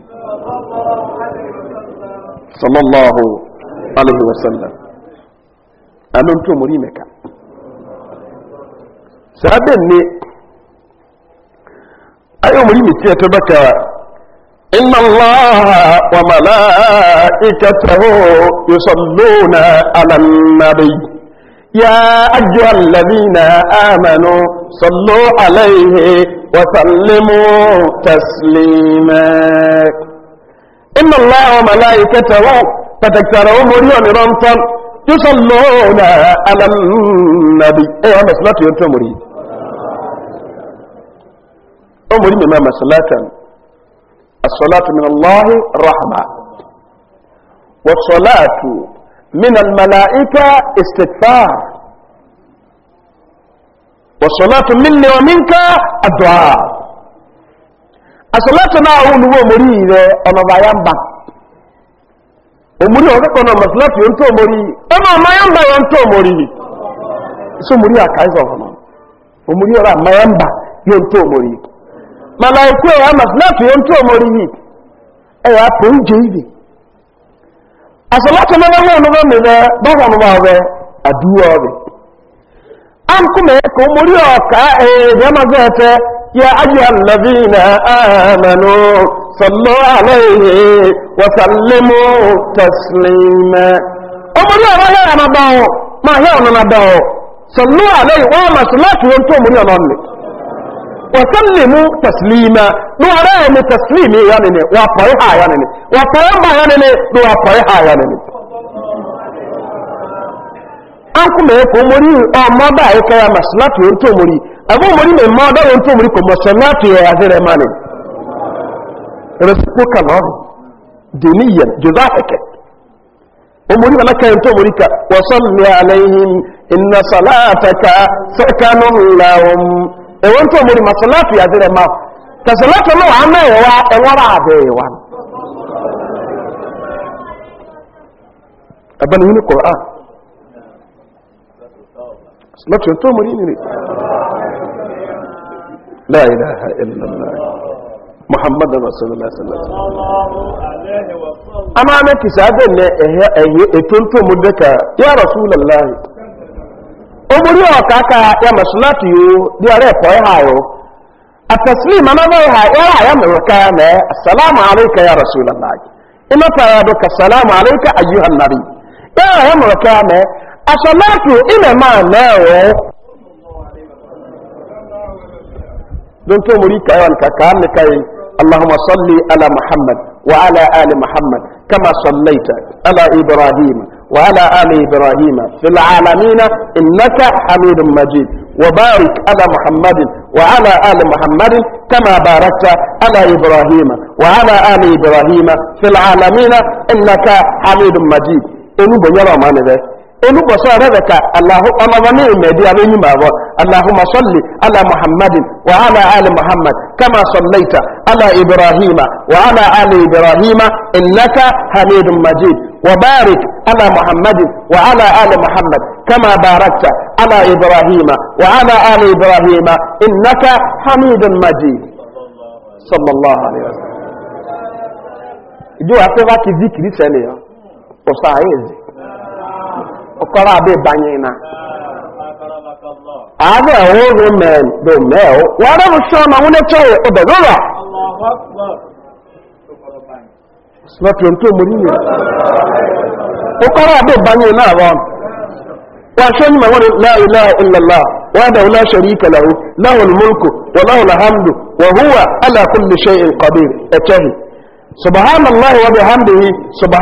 صلى الله عليه وسلم أمن تومري مكا سابن ني أيوم ريمي إن الله وملائكته يصلون على النبي يا أيها الذين آمنوا صلوا عليه وسلموا تسليما إن الله وملائكته فتكتره مريون رمطان يصلون على النبي أيها مسلاة ينتمري أمري مما مسلاة الصلاة من الله رحمة والصلاة من الملائكة استغفار والصلاة مني ومنك الدعاء asolati naa hu omori yi rɛ ya mba omori ɔno kɔnɔ masolati yɛ nto omori yi ɛna ya mba yɛ nto omori yi so ya ka ịzọ sɔfo no omori yɛ ya mba yɛ nto omori Mana malaiku yɛ masolati yɛ nto omori an kuma ko muri o ka e ya magata ya ayyuhal ladina amanu sallu alaihi wa sallimu taslima o muri o ya na bawo ma ya ona na bawo sallu alaihi wa maslatu yon to muri o non ni wa sallimu taslima do ara mu taslimi yani ne wa fa ha yani ne wa fa ba yani ne do wa fa ha yani ne an kuma ya komori amma ba ya kaya masu lafiya ya tomori abu omori mai ma da wani tomori kuma masu lafiya ya zira mani rasu kalon diniyan juza hake umuri ba lakayin tomori ka wasan ne alaihim inna salataka sakanun lahum e wani tomori masu lafiya zira ma ka salata nawa an mai yawa e wara abewa abin wani ƙoran لا تو مريني لا إله إلا الله محمد رسول الله صلى الله عليه وسلم أما أنا كسادن إتنتو مدك يا رسول الله أمري أكاكا يا مسلاتي دي أريكو يهايو التسليم أنا بيها يا يا مركان السلام عليك يا رسول الله إما فرادك السلام عليك أيها النبي يا يا مركان asamatu ime ma nawo don to muri kayan ka ka kai allahumma salli ala muhammad wa ala ali muhammad kama sallaita ala ibrahim wa ala ali ibrahim fil alamin innaka hamidum majid وبارك على محمد وعلى آل محمد كما باركت على إبراهيم وعلى آل إبراهيم في العالمين إنك حميد مجيد إنه بنيرا ما نبه olùbọ̀sọ rẹ̀ rẹ̀ka ọlọ́wọ́ní ìmẹ̀dí abẹ́yìn bàbọ̀ aláhùmá sọ́lì ala muhammadin wa ala ali muhammad kama sọ̀lẹ́ta ala ibrahima wa ala ali ibrahima innaka hamidun majid wa barik ala muhammadin wa ala ali muhammad kama barakta ala ibrahima wa ala ali ibrahima innaka hamidun majid sallallahu alaihi wasallam ìjọ àfẹ́fà ti zikiri sẹ́ni ọ̀sán ayé zikiri ọkọrọ abẹ banye na abẹ ọwọrọ mẹn do mẹọ wàrà mu sọ ma wọn ẹtọ yẹ ọbẹ rọra. sinapio ntọ mo ọkọrọ abẹ banye na abụọ wàhwẹ ni ma wọn láàyè láàyè ìlàlá wàdà wọn aṣọrí alhamdu ṣe wa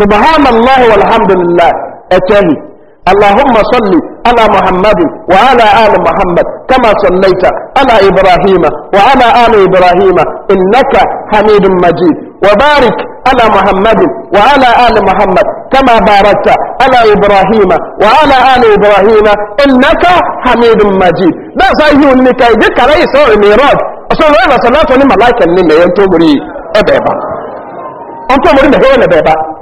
سبحان الله والحمد لله أتاهي اللهم صل على محمد وعلى آل محمد كما صليت على إبراهيم وعلى آل إبراهيم إنك حميد مجيد وبارك على محمد وعلى آل محمد كما باركت على إبراهيم وعلى آل إبراهيم إنك حميد مجيد لا سيهون لكي ذكر أي سوء ميراج أصول أنا صلاة لما لايك النمي أنتم مري أبعبا أنتم مري هنا أبعبا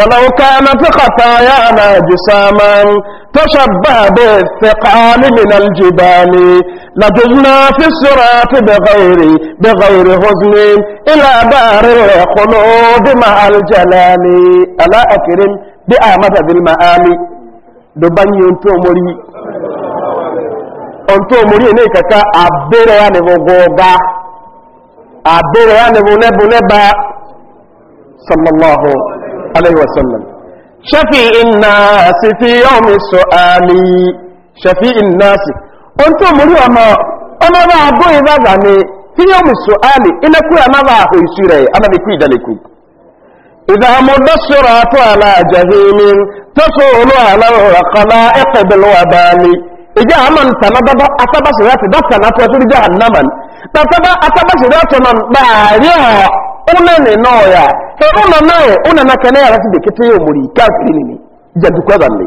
ولو في خطايانا جساما تشبه بالثقال من الجبال لجزنا في الصراط بغير بغير حزن إلى دار الخلود مع الجلال ألا أكرم بآمة بالمآل دبن ينتو مري أنتو مري نيكك أبير يعني غوغا أبير يعني بنبنبا صلى الله عليه وسلم عليه وسلم شفيع الناس في يوم السؤال شفيع الناس أنت مريو أما أنا أبو إذا ذاني في يوم السؤال إلا كوي أنا أبو يسيري أنا بكوي دلكوي إذا مد الصراط على جهيم تصول على الخلائق بالوبال إذا أمن تنبب أتبس ذات دفن أتبس جهنما تتبع أتبس ذات من بعدها unene noya he una naye una ya rasi dekete yo muri kafiri nini jandu kwa dhambi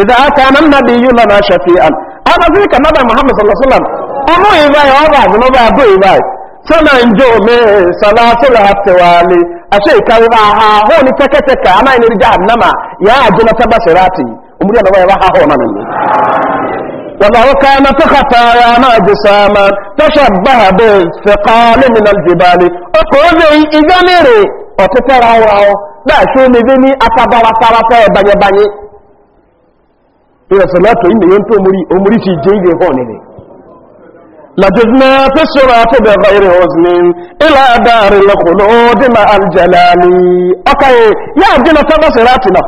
idha kana nabiyyu lana shafi'an ana muhammad sallallahu alaihi wasallam iba ya ba no ba do iba sana njo me salatul hatwali ashe kai ba ha ho ni teketeka ana ni jahannama ya ajina tabasirati umri ya ba ha ho na ولو كانت خطايانا جساما تشبه بالثقال من الجبال أقولي إذا نري أتترى وراو لا شو نبني أتبرى ترى بني بني إذا صلاة إن ينتو أمري أمري في جيبي هوني لجزنا في الصراط بغير وزن إلى دار الخلود مع الجلال أوكي يا جنة بصراتنا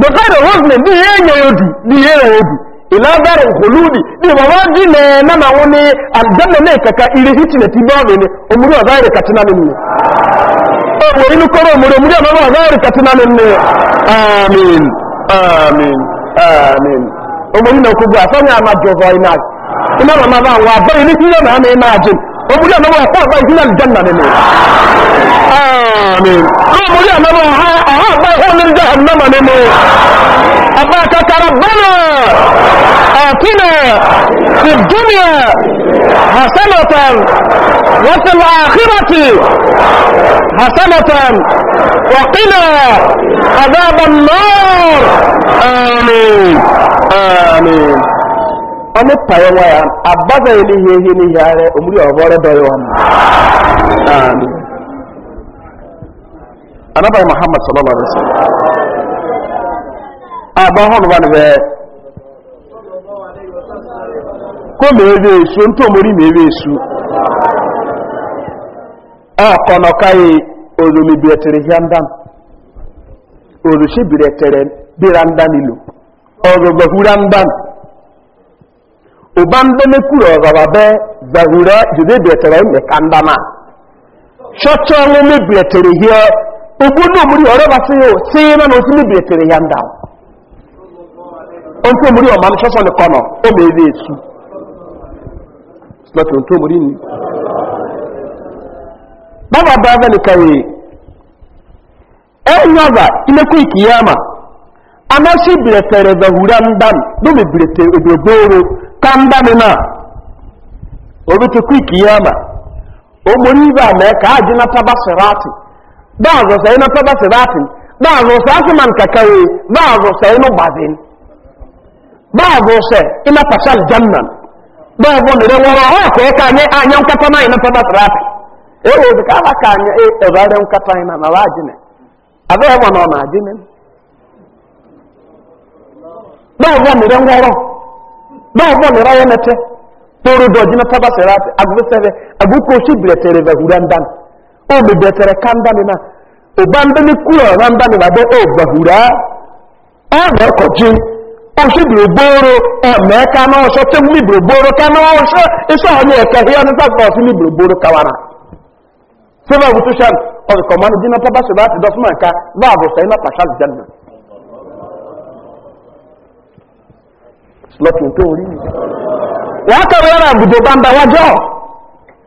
بغير وزن دي ينيو دي ينيو دي ìlàbẹ̀rẹ̀ ìkòlúùdì ní ìwọ̀wọ́ jílẹ̀ náà wọn ni àjẹ́mọ̀ náà kẹ̀kẹ́ ilé hìtìlẹ̀ ti bọ́ọ̀lù ni omúrí ọ̀zá ìrẹ̀ kàtínà nínú ọwọ̀ inú kọ́rọ̀ omúrí omúrí ọ̀zá ìrẹ̀ kàtínà nínú amin amin amin omúrí náà kúgbọ́ àfọ́nyà àmàjọ̀vọ̀ iná iná màmá wa bọ́ ilé tí yóò máa ní iná àjẹ́ omuli anabo ọkọ ọba ìdílé alìjánná nínú ààmìn omuli anabo ọha ọha ọba ìhọ ní ìjọ ànámà nínú ọba àtàtàrà bọ́nà àtúnà ìdúnìà hasanatan wọ́pẹ̀lá àkírọ̀tì hasanatan wọ́pẹ̀lá àbábọ̀ náà ààmìn ààmìn. ọmọ pàyẹ wá ya àbádà ilé ihe ihe n'ihe ààrẹ òmùrí ọ̀bọ̀rẹ́ bẹ̀rẹ̀ wọn. anábàáyé muhammad sallallahu alaihi wa sallam àbá hàn wà níbẹ̀ kó mèrè èso ntọ́ mórí mèrè ebe ọ̀kọ̀nà káyé olómi bìrẹ̀ tẹ̀rẹ̀ hìándán olùsí bìrẹ̀ tẹ̀rẹ̀ bìrẹ̀ ndán ụba ndemekuru ọzaba be zahura jude bietere mmeka ndama chọchọ ọnwụ mebietere hie obodo omuri ọrịbasị ya si na na osi mebietere ya nda ontu omuri ọma chọchọ nịkọnọ o mere esu lọtụ ontu omuri ni baba baba nikaye ẹ̀yìn ọba ilẹ̀kùn ìkìyàmà amasi biretere zahura ndam dumi birete ebogoro kandami na obi orutu kwikiyama omuriba me ka ajina tabasirati bazo sai na taba tabasirati bazo sai man kakawe bazo sai no bazin bazo sai ina fasal jannan bazo ne da wara ha ko e ka ne anyan kata na ina tabasirati e o ka ka ne e ba ran kata ina na wajine abaya mo na ma ajine báwo mìíràn wọ́rọ̀ báwo mìíràn ayé mẹ́tẹ́ tóóró dọ̀ jìnnà tábà sẹ̀rẹ̀ àti agbésẹ̀rẹ̀ agbókò sí bìrẹ̀tẹ̀rẹ̀ bẹ̀hùrẹ̀ ń dánù ó bẹ̀ bẹ̀tẹ̀rẹ̀ ká ń dánù náà ó ń bẹ́ kúrò ọ̀rá ń dánù nàbẹ́ ó bẹ̀hùrẹ̀ á rẹ̀ kọ̀jú ó gbóòrò ẹ̀mẹ́ gbóòrò ẹ̀kẹ́ gbóòrò jìnnà àti dọ́sùmọ̀ lọ́tún tó orí mi wọ́n kọ̀rọ̀ yọ́nà àbùdó bá ń bá wájọ́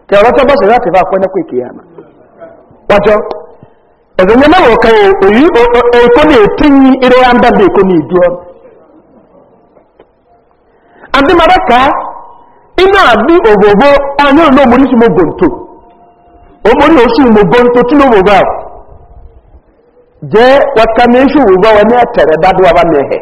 tẹ̀rọ bọ́sẹ̀ láti fà pẹ́ nẹ́kọ̀ àmà wájọ́ ẹ̀gbẹ̀n yẹn náà èkó ní ètí yí eré àǹdà lè ní ìdú ọ́n iná àbí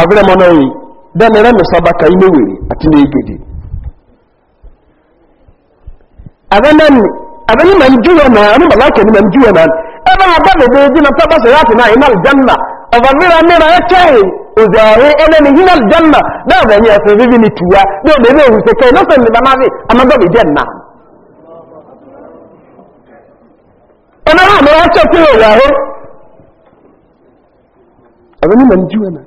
ọ̀rẹ́ mọ́ náà yìí dẹ́nu rẹ́mi sábàkà ilé wèrè àti ilé ìgbèdè abẹ́ni mẹ́ ń jíwẹ̀ náà ẹni mọ̀láìkẹ̀ ni mẹ́ ń jíwẹ̀ náà ẹbá abẹ́bẹ̀bẹ̀ jìnà tábàṣẹ̀ láti náà iná aljanna ọ̀fà mìíràn mìíràn ẹkẹ́ òzẹ̀ẹ̀rẹ́ ẹlẹ́ni iná aljanna náà bẹ̀yẹ ẹ̀fẹ́ vivi ni tùwá ní òbẹ̀bẹ̀ òhùsẹ̀ kẹ́ lọ́sẹ̀ ní bàmáfi amagbọ́bẹ̀ jẹ́ náà ọ̀nà àmì ọ̀chẹ́ kúrò òzẹ̀ẹ̀rẹ́ abẹ́ni mẹ́ ń jíwẹ̀ náà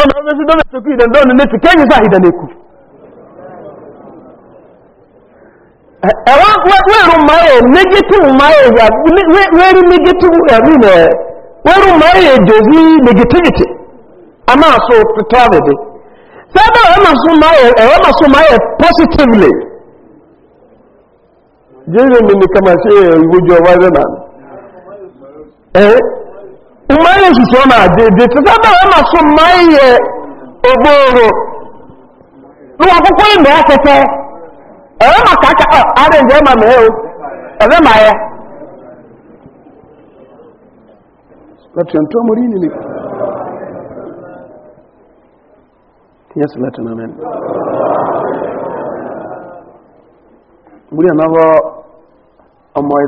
ọ̀nà ọmọdé tó kí ìdàndọ́ ọ̀nà létí kẹ́yìn sáà ìdànlẹ́kù ẹ̀wọ́n wẹ́rù máyẹ̀ negative máyẹ̀ wẹ́rù negative ẹ̀rù nẹ̀ wẹ́rù máyẹ̀ jòzí negativity a máa so tuntun àbẹ̀dẹ̀ sábà ẹ̀wọ́n máa so máyẹ̀ positively jẹ́rẹ̀ mi ni kama ṣe ìwójú ọwọ́ ẹ̀rẹ́ mmanya osisi ọ na-adịdị tụtabara masụ mmanya ihe ogboro n'akwụkwọ akwụkwọ maka aka adị ndị ịma mee o ma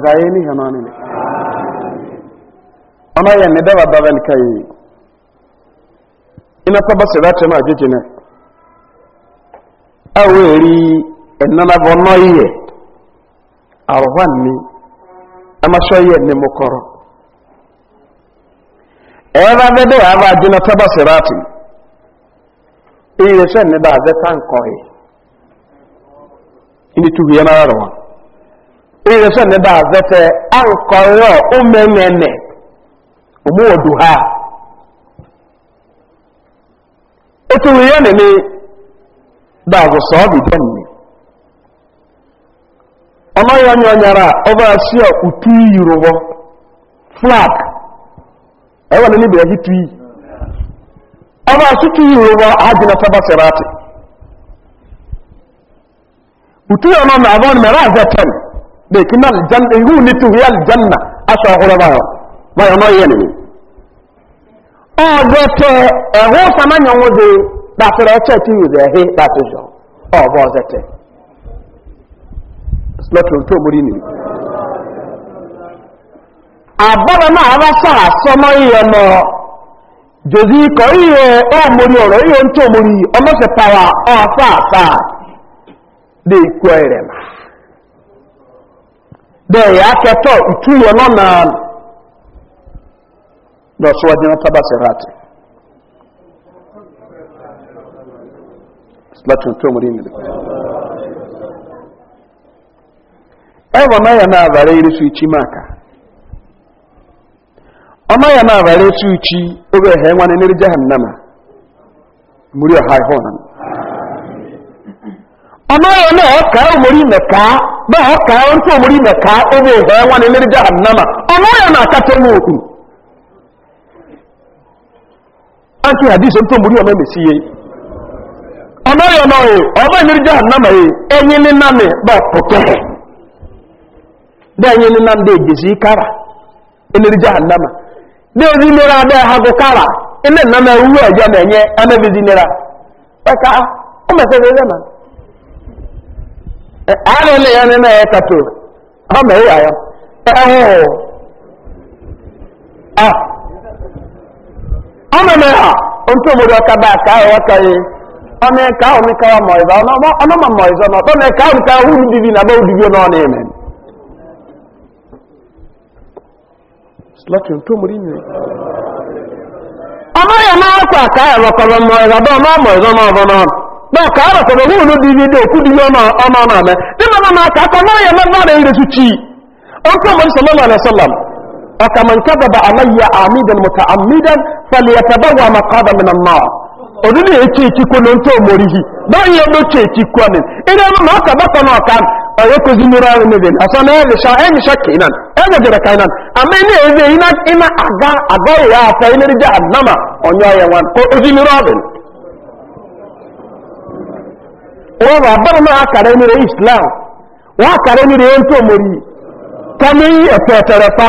ya ne ama yɛ ne dɛba ina kɔba a gyegye ne a wɔɛri ɛnanabɔ nɔyɛ arwanni ama sɔ yɛ ne mokɔrɔ ɛyɛba bɛ dɛ aba agyina tɔba sɛbɛ ate ɛyɛ sɛ ne da abɛ ta nkɔe ini tu hiyana omu wɔ ha. otu wiye ne ne daago sɔɔ bi dɛm ne ɔno yɛ nyɔnyara ɔba utu yiro hɔ flak ɛwɔ na ne bɛyɛ hitu yi ɔba ahyia tu yiro hɔ agyina saba serate utu yɛ no na abɔn mɛra azɛ tɛn na ekina aljanna ihu ne tu wiye aljanna ahyɛ ɔhoro ba yɛ ɔno yɛ ọgbọ tẹ ẹhọ samanya wọn de dàtọrọ ẹkyẹ ti yù dẹ ẹhẹ dàtọjọ ọgbọ ọzẹ tẹ slọtọ tó mori ni. àbọ̀dọ̀ náà bá sá nọ jòzí kọ yíyẹ ọmọrí ọ̀rọ̀ yíyẹ ntọ́ mori ọmọsẹ̀ pàwà ọ̀fà na su wajen taba sirati slatin tomori ya na avara su maka ọma ya na avara su ichi oge ha enwa n'enere jahannama muri ọha ihe ọnan ọma ya na ọka omori meka ba ọka ntụ omori ka oge ha enwa ọma ya na akata mu okwu anki hadisi nto muri ona mesiye ona na mai enyi ni na me ba poto da enyi ni na de egesi kara ni ja na ma de ri mera da kara na na wu na enye ana bi di nera aka o me se de ara le ya na e ọmọ mi hà ntọ́ mo dọ̀ kaba káyọ̀ wákàyè ọmọ ọ na káwà mọ̀ ìbá ka mọ̀ ìzọ náà ọmọ ẹ̀ka omi káwà wúru dìbì nàbà òdìbì ọ̀nà ọ̀nà ẹ̀mẹ̀. slọtì ntọ́ mo rí mi. ọmọ yẹn máa kọ àkáyọ̀ lọ́kọ̀ọ́ mọ̀ ìzọ na فمن كذب علي عميدا متعمدا فليتبوى مقعد من النار odidi eti eti kono nto morihi na iye no che eti kwani ina ma aka bata na aka oye kozi mura ni den asa na ele sha ele sha kinan ele jere kinan ame ni eze ina ina aga aga ya afa ina ri jahannama onyo ya wan ko ozi mura den o wa bar na aka ni islam wa aka ni nto mori kami e petere pa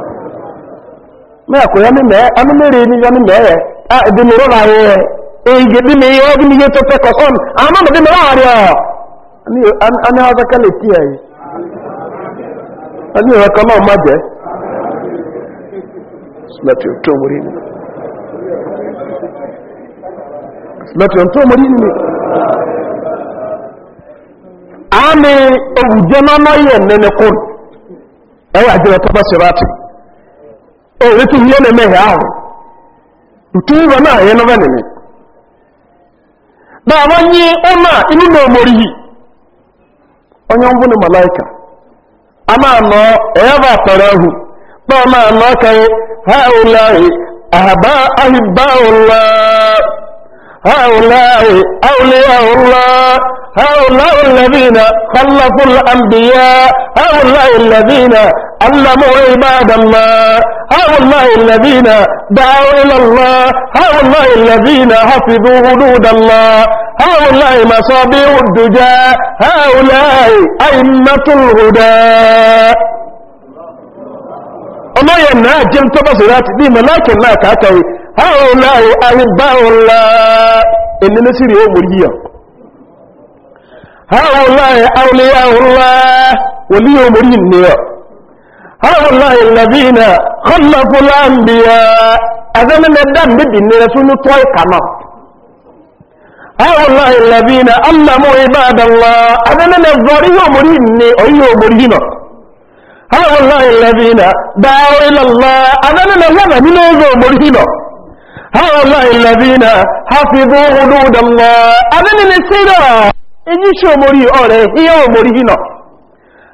ya yẹn e, mímẹ́ ya ya ní yẹn mímẹ́ yẹ ẹ̀dùn ya ya yẹ ẹ̀yẹ bí mi yẹ ọdún mi yẹ tó fẹ́ ya ya mi ya mi láàárín ọ̀ ẹni ọ̀sẹ̀ kẹ́lẹ̀ tí ẹ̀ ya ya ìwé kan náà má jẹ́ sílẹ̀tì ọ̀tún mórí ni sílẹ̀tì ya ya ni àmì òwùjẹ́ náà ya ya bá ṣe bá ti. owete ihe na-emehie ahụ nke ụzọ na-ahịa nọba nene na-amanye ụlọ inu na omorihi onye mbụ malaika a na-anọ ebe atọrọ ahụ na ọ na-anọ karị ha ụlọahị oh, eh, ahaba ahịba ụlọ ha ụlọahị awụlịa ụlọ هؤلاء ha خلفوا الأنبياء هؤلاء na. علموا عباد الله هؤلاء الذين دعوا إلى الله هؤلاء الذين حفظوا حدود الله هؤلاء مصابيح الدجى هؤلاء أئمة الهدى أما ينا جلت بصيرات دي ملاك الله كاتوي هؤلاء أحباء الله إن نسير يوم اليوم هؤلاء أولياء الله وليوم اليوم هؤلاء الذين خلقوا الأنبياء هذا من الدم بدين رسول طوي كما هؤلاء الذين علموا عباد الله هذا من الظهر يومرين أي يومرين هؤلاء الذين دعوا إلى الله هذا من الظهر من يومرين هؤلاء الذين حفظوا حدود الله هذا من السيرة إن شو مري أوله يومرين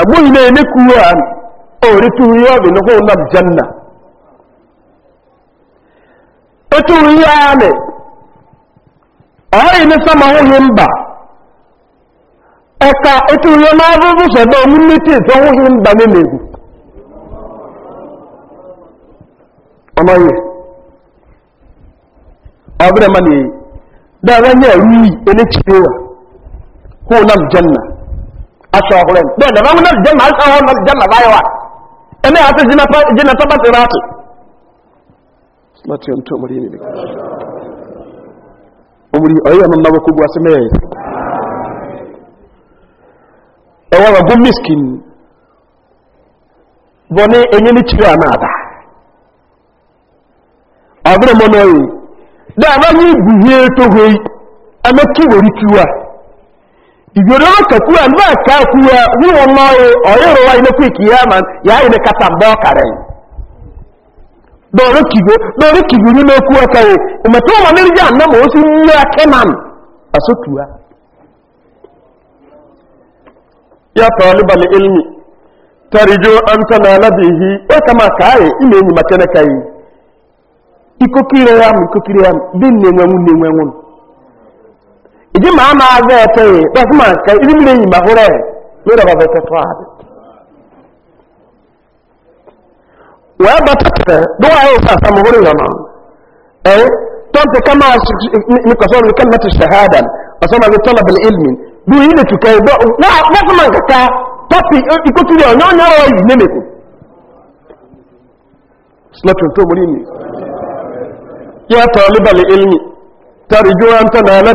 agbóyí náà ní kúrò à orí túrú yóò bí nígbó náà jẹ́nà ó túrú yóò á mẹ́ ọ̀hìn ní sọmọ ohun ń bà ẹ̀ka ó túrú yóò máa bú bú sọ̀dọ̀ omi mítì tó ohun ń bà nínú ìlú ọmọ yẹ ọbẹ̀rẹ̀ mọ́ ni dáadáa ní ẹ̀rí ẹlẹ́kìtẹ́wà kó náà jẹ́nà ashohurin don da zamu nan janna an kawo nan janna bayawa ina ya ta jina jina ta batsi ratu lati on to muri ne daga miskin na ada abure mo noyi da ba ni guye to hoyi amakiwo ìgbèrò kẹkù ẹ̀ náà kẹ́ẹ̀kú ẹ wíwọ̀n náà ọ̀yẹ́ ìrọ̀wá ya kú ìkìyà mà yà á yẹ kàtà mbọ́ kàrẹ̀ lọ́rọ̀ kìgbè lọ́rọ̀ kìgbè ní lókù ẹ̀ka yẹ ìmọ̀tọ́ wọn nílùú yà nà mà ó sì ń Ya ẹkẹ́ nà mí àsótùwà. yà tọ́ níbalẹ̀ ilmi tẹ̀rìjọ antana alábìyí ó kà máa kàáyè ìmọ̀ ẹ̀yìn yìí yà yà ìdí màá máa bẹ́ ẹ tẹ́ yìí pẹ́sí màá kẹ́ ìdí mi lè yìnbà fún rẹ̀ lórí ọ̀bọ̀ fẹ́ tó àbẹ̀. wọ́n bá tẹ̀tẹ̀ bí wọ́n yóò fà sàmù hóre lọ́nà ẹ̀ tọ́ntì ká máa ní kọ̀sọ́ ní kẹ́lẹ́ ti ṣàhádà ọ̀sọ́ máa ní tọ́lá bẹ̀lẹ̀ ilmi bí yìí lè tukẹ́ ìdọ́ wọ́n fún màá kẹ́kẹ́ tọ́pì ìkótú yọ̀ ní ọ̀nà ọ̀rọ̀ yìí nílẹ̀ kù. sinatun tó mo rí mi. yàtọ̀ líbalẹ̀ ilmi tàrí jù wọn tẹ̀lé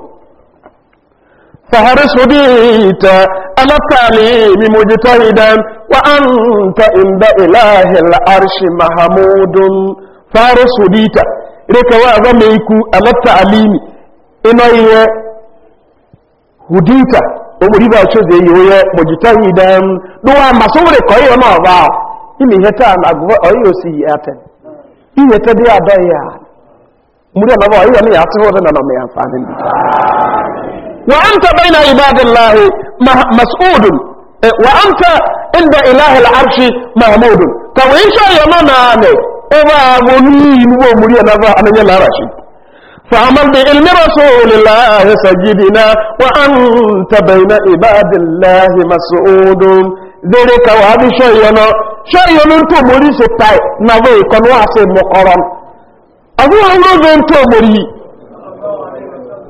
فحرص بيت على مجتهدا وأنت عند إله العرش محمود فحرص بيت إليك وأغميك على التعليم إنه هديت omoriba ọchọzọ eyi onye mojitahidan duwa masu wuri kọ ihe ma ọba ihe taa na agụba ọyị osi yi dị adọ ya na atụrụ إيه، نعم؟ وأنت بين عباد الله مسؤول وأنت عند إله العرش محمود فوإن شاء يمانا عنه أبا أبنين ومريد أبا أنا يلا رشيد فعمل بعلم رسول الله سجدنا وأنت بين عباد الله مسعود ذلك وهذا شيئنا شيئنا أنت مريد ستاي نظيقا واسم مقرم أبو أمر أنت مريد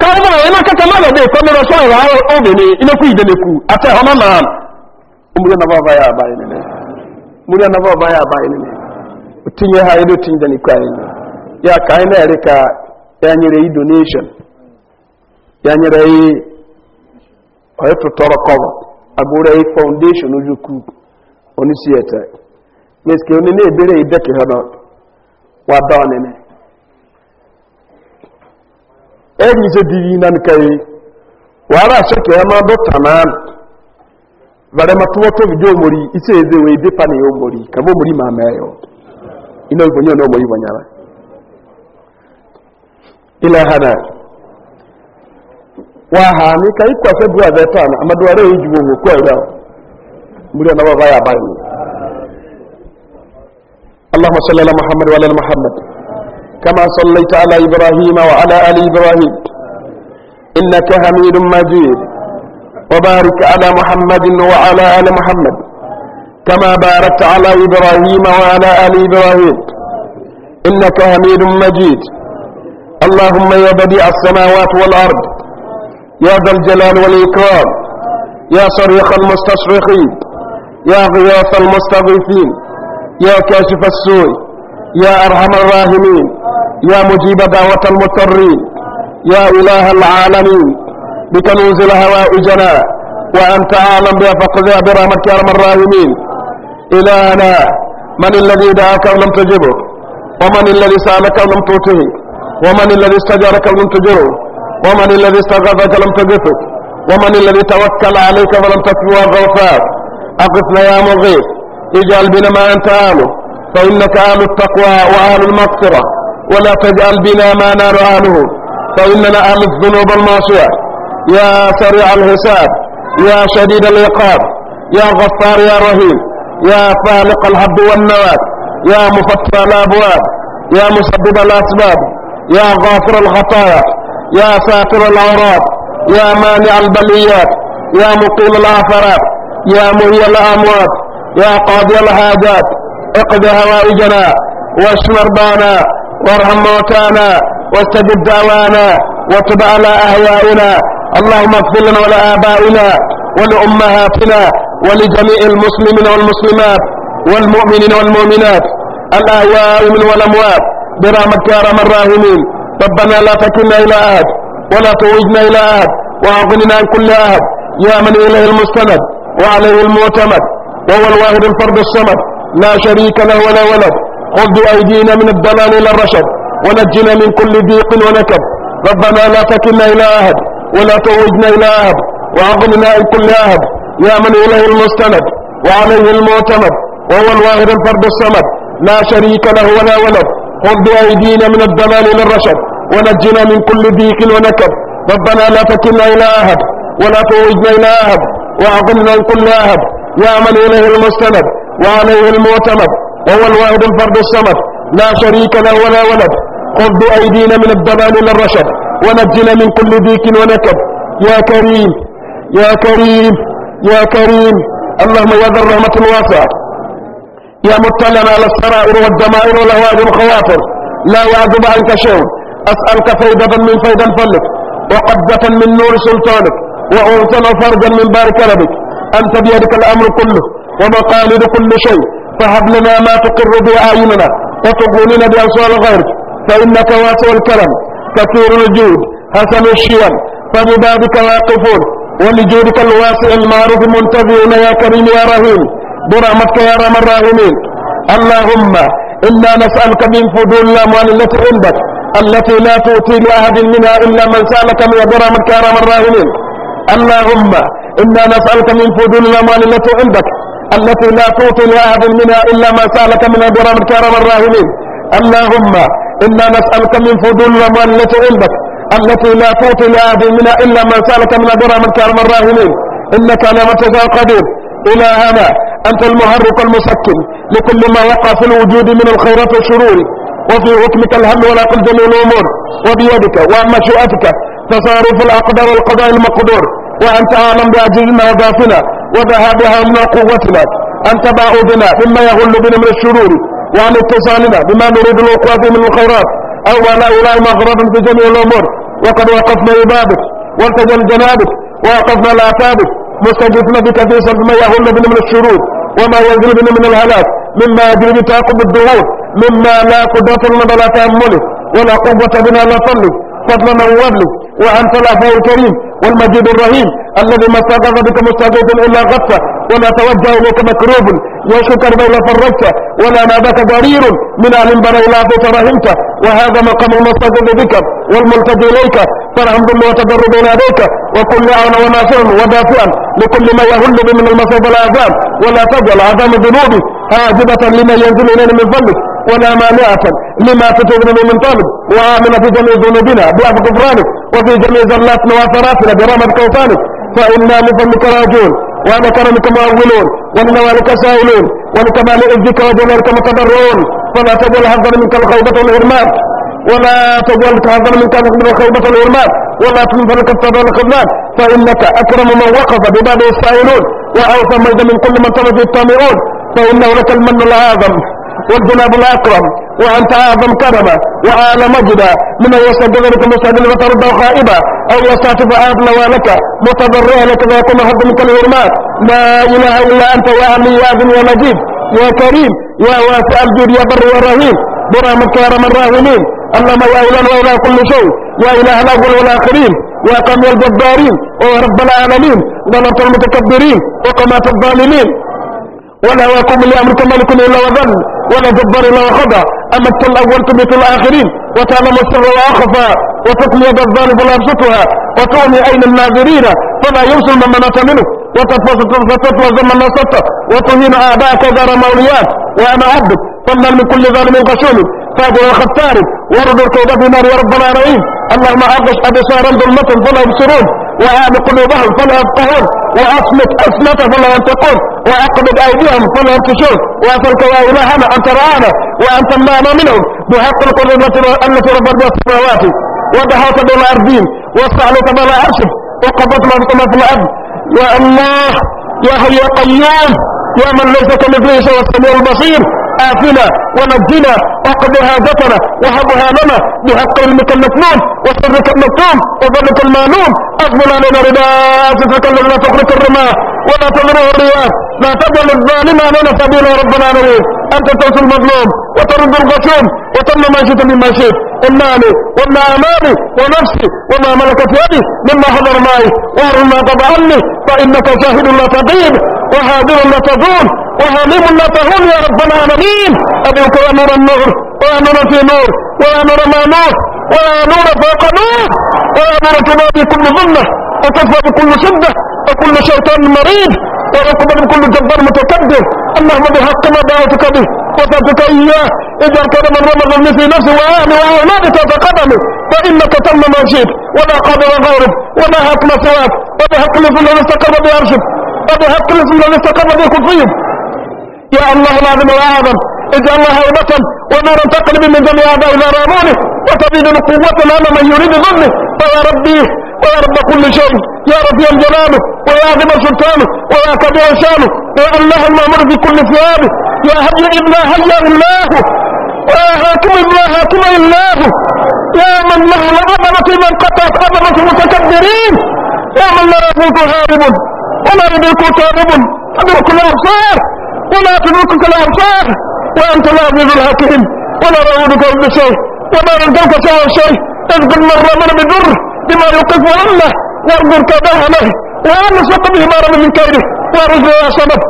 karịbara onye na-akacha mmadụ dị ka mere ọsọ ịwa ahụ inekwu idenekwu ata ahụ na maa na anaba ọba ya aba ilele ya ha elu tinye idenekwu anyị ya ka anyị na-ere ka ya nyere yi donation ya nyere yi yi foundation onye meske na-ebere ha nọ ẹni ṣe dìrì náà nìkan yìí wàhálà ṣẹkẹ ẹ máa bọ tàmá varema tó wọ́n tóbi dé omori iṣẹ́ èdè èdè pa nìyẹn omori kàbó omori ma mẹ́ ẹ̀yọ iná ìbọn yẹn náà omori wọ̀nyí ara ilẹ̀ hana wà ha ní ka ikú afẹ́ bu كما صليت على إبراهيم وعلى آل إبراهيم إنك حميد مجيد وبارك على محمد وعلى آل محمد كما باركت على إبراهيم وعلى آل إبراهيم إنك حميد مجيد اللهم يا بديع السماوات والأرض يا ذا الجلال والإكرام يا صريخ المستصرخين يا غياث المستغيثين يا كاشف السوء يا أرحم الراحمين يا مجيب دعوة المضطرين يا إله العالمين بك ننزل هوائجنا وأنت أعلم بها فقد برحمتك يا الراحمين إلهنا من الذي دعاك ولم تجبه ومن الذي سألك ولم تؤته ومن الذي استجارك ولم تجره ومن الذي استغاثك لم تجفه ومن الذي توكل عليك فلم تكفه غوثاك أقفنا يا مغيث اجعل بنا ما أنت آله فإنك آل التقوى وآل المغفرة ولا تجعل بنا ما نار أهله فإننا أهل الذنوب المعصية يا سريع الحساب يا شديد العقاب يا غفار يا رحيم يا فالق الحب والنوات يا مفتح الأبواب يا مسبب الأسباب يا غافر الخطايا يا ساتر العورات يا مانع البليات يا مقيم الآفرات يا مهي الأموات يا قاضي الحاجات اقضي هوائجنا واشمر بانا وارحم موتانا واستجب دعوانا وتب على أهوائنا اللهم اغفر لنا ولآبائنا ولأمهاتنا ولجميع المسلمين والمسلمات والمؤمنين والمؤمنات الأهواء من والأموات برحمتك يا أرحم الراحمين ربنا لا تكلنا إلى أحد ولا توجنا إلى أحد وأغننا عن كل أحد يا من إليه المستند وعليه المعتمد وهو الواحد الفرد الصمد لا شريك له ولا ولد خذ أيدينا من الضلال إلى الرشد ونجنا من كل ضيق ونكب ربنا لا تكلنا إلى أهد ولا توجنا إلى أهد وأغننا إلى كل أهد يا من إليه المستند وعليه المعتمد وهو الواحد الفرد الصمد لا شريك له ولا ولد خذ بأيدينا من الضلال إلى الرشد ونجنا من كل ضيق ونكب ربنا لا تكلنا إلى أهد ولا توجنا إلى أهد وأغننا إلى كل أهد يا من إليه المستند وعليه المعتمد وهو الواحد الفرد الصمد لا شريك له ولا ولد خذ بأيدينا من الضلال إلى الرشد ونجنا من كل ديك ونكب يا كريم يا كريم يا كريم اللهم يا ذا الرحمة الواسعة يا مطلعا على السرائر والدمائر والأواد الخواطر لا يعذب عنك شيء أسألك فيدة من فيض فلك وقدة من نور سلطانك وأعطنا فرجا من بارك ربك أنت بيدك الأمر كله ومقالد كل شيء فهب لنا ما تقر بأعيننا وتقولنا بأنصار غيرك فإنك واسع الكرم كثير الجود حسن الشيم فببابك واقفون ولجودك الواسع المعروف منتظرون يا كريم يا رحيم برحمتك يا رحم الراحمين اللهم إنا نسألك من فضول الأموال التي عندك التي لا تؤتي لأحد منها إلا من سألك من برحمتك يا رحم الراحمين اللهم إنا نسألك من فضول الأموال التي عندك التي لا تؤتي لأحد منها إلا ما سألك من البرام الكرم الراهمين اللهم إنا نسألك من فضول التي علمك التي لا تؤتي لأحد منها إلا ما سألك من البرام الكرم الراهمين إنك لما تزال قدير إلهنا أنت المحرك المسكن لكل ما يقع في الوجود من الخيرات والشرور وفي حكمك الهم ولا قل جميع الأمور وبيدك وأما شؤتك تصارف الأقدار والقضاء المقدور وأنت أعلم بأجل ما غافلا وذهابها من قوتنا أن تباعدنا مما يغل بنا من الشرور وعن اتصالنا بما نريد الوقوع فيه من الخيرات أو أن أولاء مغرب في جميع الأمور وقد وقفنا لبابك والتجل جنابك ووقفنا لأتابك مستجدنا بك في سبب ما يغل بنا من الشرور وما ينزل بنا من الهلاك مما يجري بتعاقب الدهور مما لا قدرة لنا بلا تأمله ولا قوة بنا لا طلب فضل من وبله وأنت الأفو الكريم والمجيد الرحيم الذي ما استغاث بك مستغيث إلا غفة ولا توجه إليك مكروب وشكر بين فرجت ولا ناداك ضرير من أهل بلا إلا أبيت رحمت وهذا مقام المستغيث بك والملتجي إليك فالحمد لله وتضر بين يديك وكل أعلى وناصر ودافعا لكل ما يهل به من المصائب والآثام ولا تجعل عظام ذنوبي هاجبة لمن ينزل إلينا من فضلك ولا مانعة لما تتوب من طالب وآمن في جميع ذنوبنا بعف كفرانك وفي جميع زلاتنا وثراتنا برحمة كوثانك فإنا لفضلك راجون وأنا كرمك مؤولون ولنوالك سائلون ولكمال إذك وجمالك متضرعون فلا تجعل هذا منك الغيبة والإرماد ولا تجعل هذا منك الغيبة والإرماد ولا لك التضرع الخدمات فإنك أكرم من وقف بباب السائلون وأوفى من كل من ترجو في الطامعون فإنه لك المن الأعظم والجناب الأكرم وأنت أعظم كرما وأعلى مجدا من أن يصدق لك مستعدل وترده خائبا أو يستعطف أهلا ولك متضرعا لك ويكون هد منك الهرمات لا إله إلا أنت يا عمي يا يا مجيد يا كريم يا واسع الجود يا بر يا رهيم برحمتك يا رب الراحمين اللهم يا إله الا كل شيء يا إله الأول والآخرين يا قوم الجبارين ورب رب العالمين ظلمت المتكبرين وقمات الظالمين ولا يقوم لأمركم ملك إلا وذل ولا جبار إلا وخضع أما التل أول تميت الآخرين وتعلم السر وأخفى وتقني يد الظالم فلا يبسطها وتؤمي أين الناظرين فلا يوصل من منات منه وتطفى ستطفى زمن نصت وتهين أعداءك دار موليات وأنا عبدك فمن من كل ظالم قشوم فاجر وختار ورد الكوبة في نار وربنا رئيم اللهم أغش أبصارا ظلمة فلا يبصرون وأعمي قلوبهم فلا يفقهون وأصمت أصمت فلا ينطقون وأقبض أيديهم فلا تشوف وأسألك يا إلهنا أن ترانا وأن تمام منهم بحق القدرة التي رفضنا السماوات ودهوت بلا أرضين واستعلت بلا أرشف وقبضت ما بكما في الأرض يا الله يا يا قيوم يا من ليس كمثله شيء السميع البصير وعافنا ونجنا وقض هاجتنا وهب هامنا بحق علمك المكلفون وسرك المكتوم وظلك المعلوم اقبل علينا رباك فتك لا تخرج الرماء ولا تضره الرياح لا تجعل الظالم امام سبيلا ربنا نريد انت تنسى المظلوم وترد الغشوم وتمنى ما شئت مما شئت امامي وما امامي ونفسي وما ملكت يدي مما حضر معي وارم ما تضعني عني فانك شاهد لا تضيب وهادر لا تزول وهميم لا تهون يا ربنا العالمين أبيك يا نور النور ويا نور في نور ويا نور ما نور ويا نور فوق نور ويا نور تنادي كل ظلمه وتفوى بكل شدة وكل شيطان مريض ويقبل بكل جبار متكبر اللهم بحق ما دعوتك به وصفتك إياه إذا كان من رمض في نفسه وأهله وأولادك فقدمه فإنك تم ما شئت ولا قدر وغارب ولا حكم سواك وبحق الاسم الذي استقر به أرشد وبحق الاسم الذي استقر به يا الله العظيم الأعظم اجعلنا هيبة ونورا تقلب من جميع هذا إلى رامونه وتزيدنا قوة على من يريد ظلمه فيا ربي ويا رب كل شيء يا رفيع جلاله ويا عظيم سلطانه ويا كبير شانه ويا الله المامور في كل ثيابه يا هي إلا هي الله ويا حاكم إلا حاكم الله يا من له العظمة من قطعت عظمة المتكبرين يا من لا يفوت هارب ولا يدرك تارب تدرك الأبصار ولا تدركك الأبصار وأنت العزيز الحكيم ولا كل شيء ولا رجوك سوى شيء اذ قد من بضر بما يوقف عمه وانظر كباه له وانشط به ما رمى من كيده وارجو يا سبب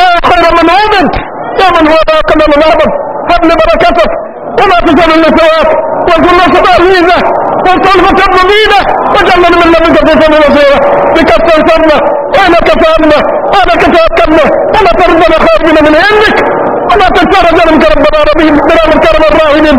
يا خير من عبد يا من هو اقل من عبد هب لي بركتك ولا تزال النسوات وكل صباهيزه وطلبة مبينة وجمل من لم يكن في وزيرة بكف سمة وإلى كفامنا وإلى كفامنا ولا تردنا خارجنا من عندك ولا تتفرج منك ربنا ربهم بلا من كرم الراهنين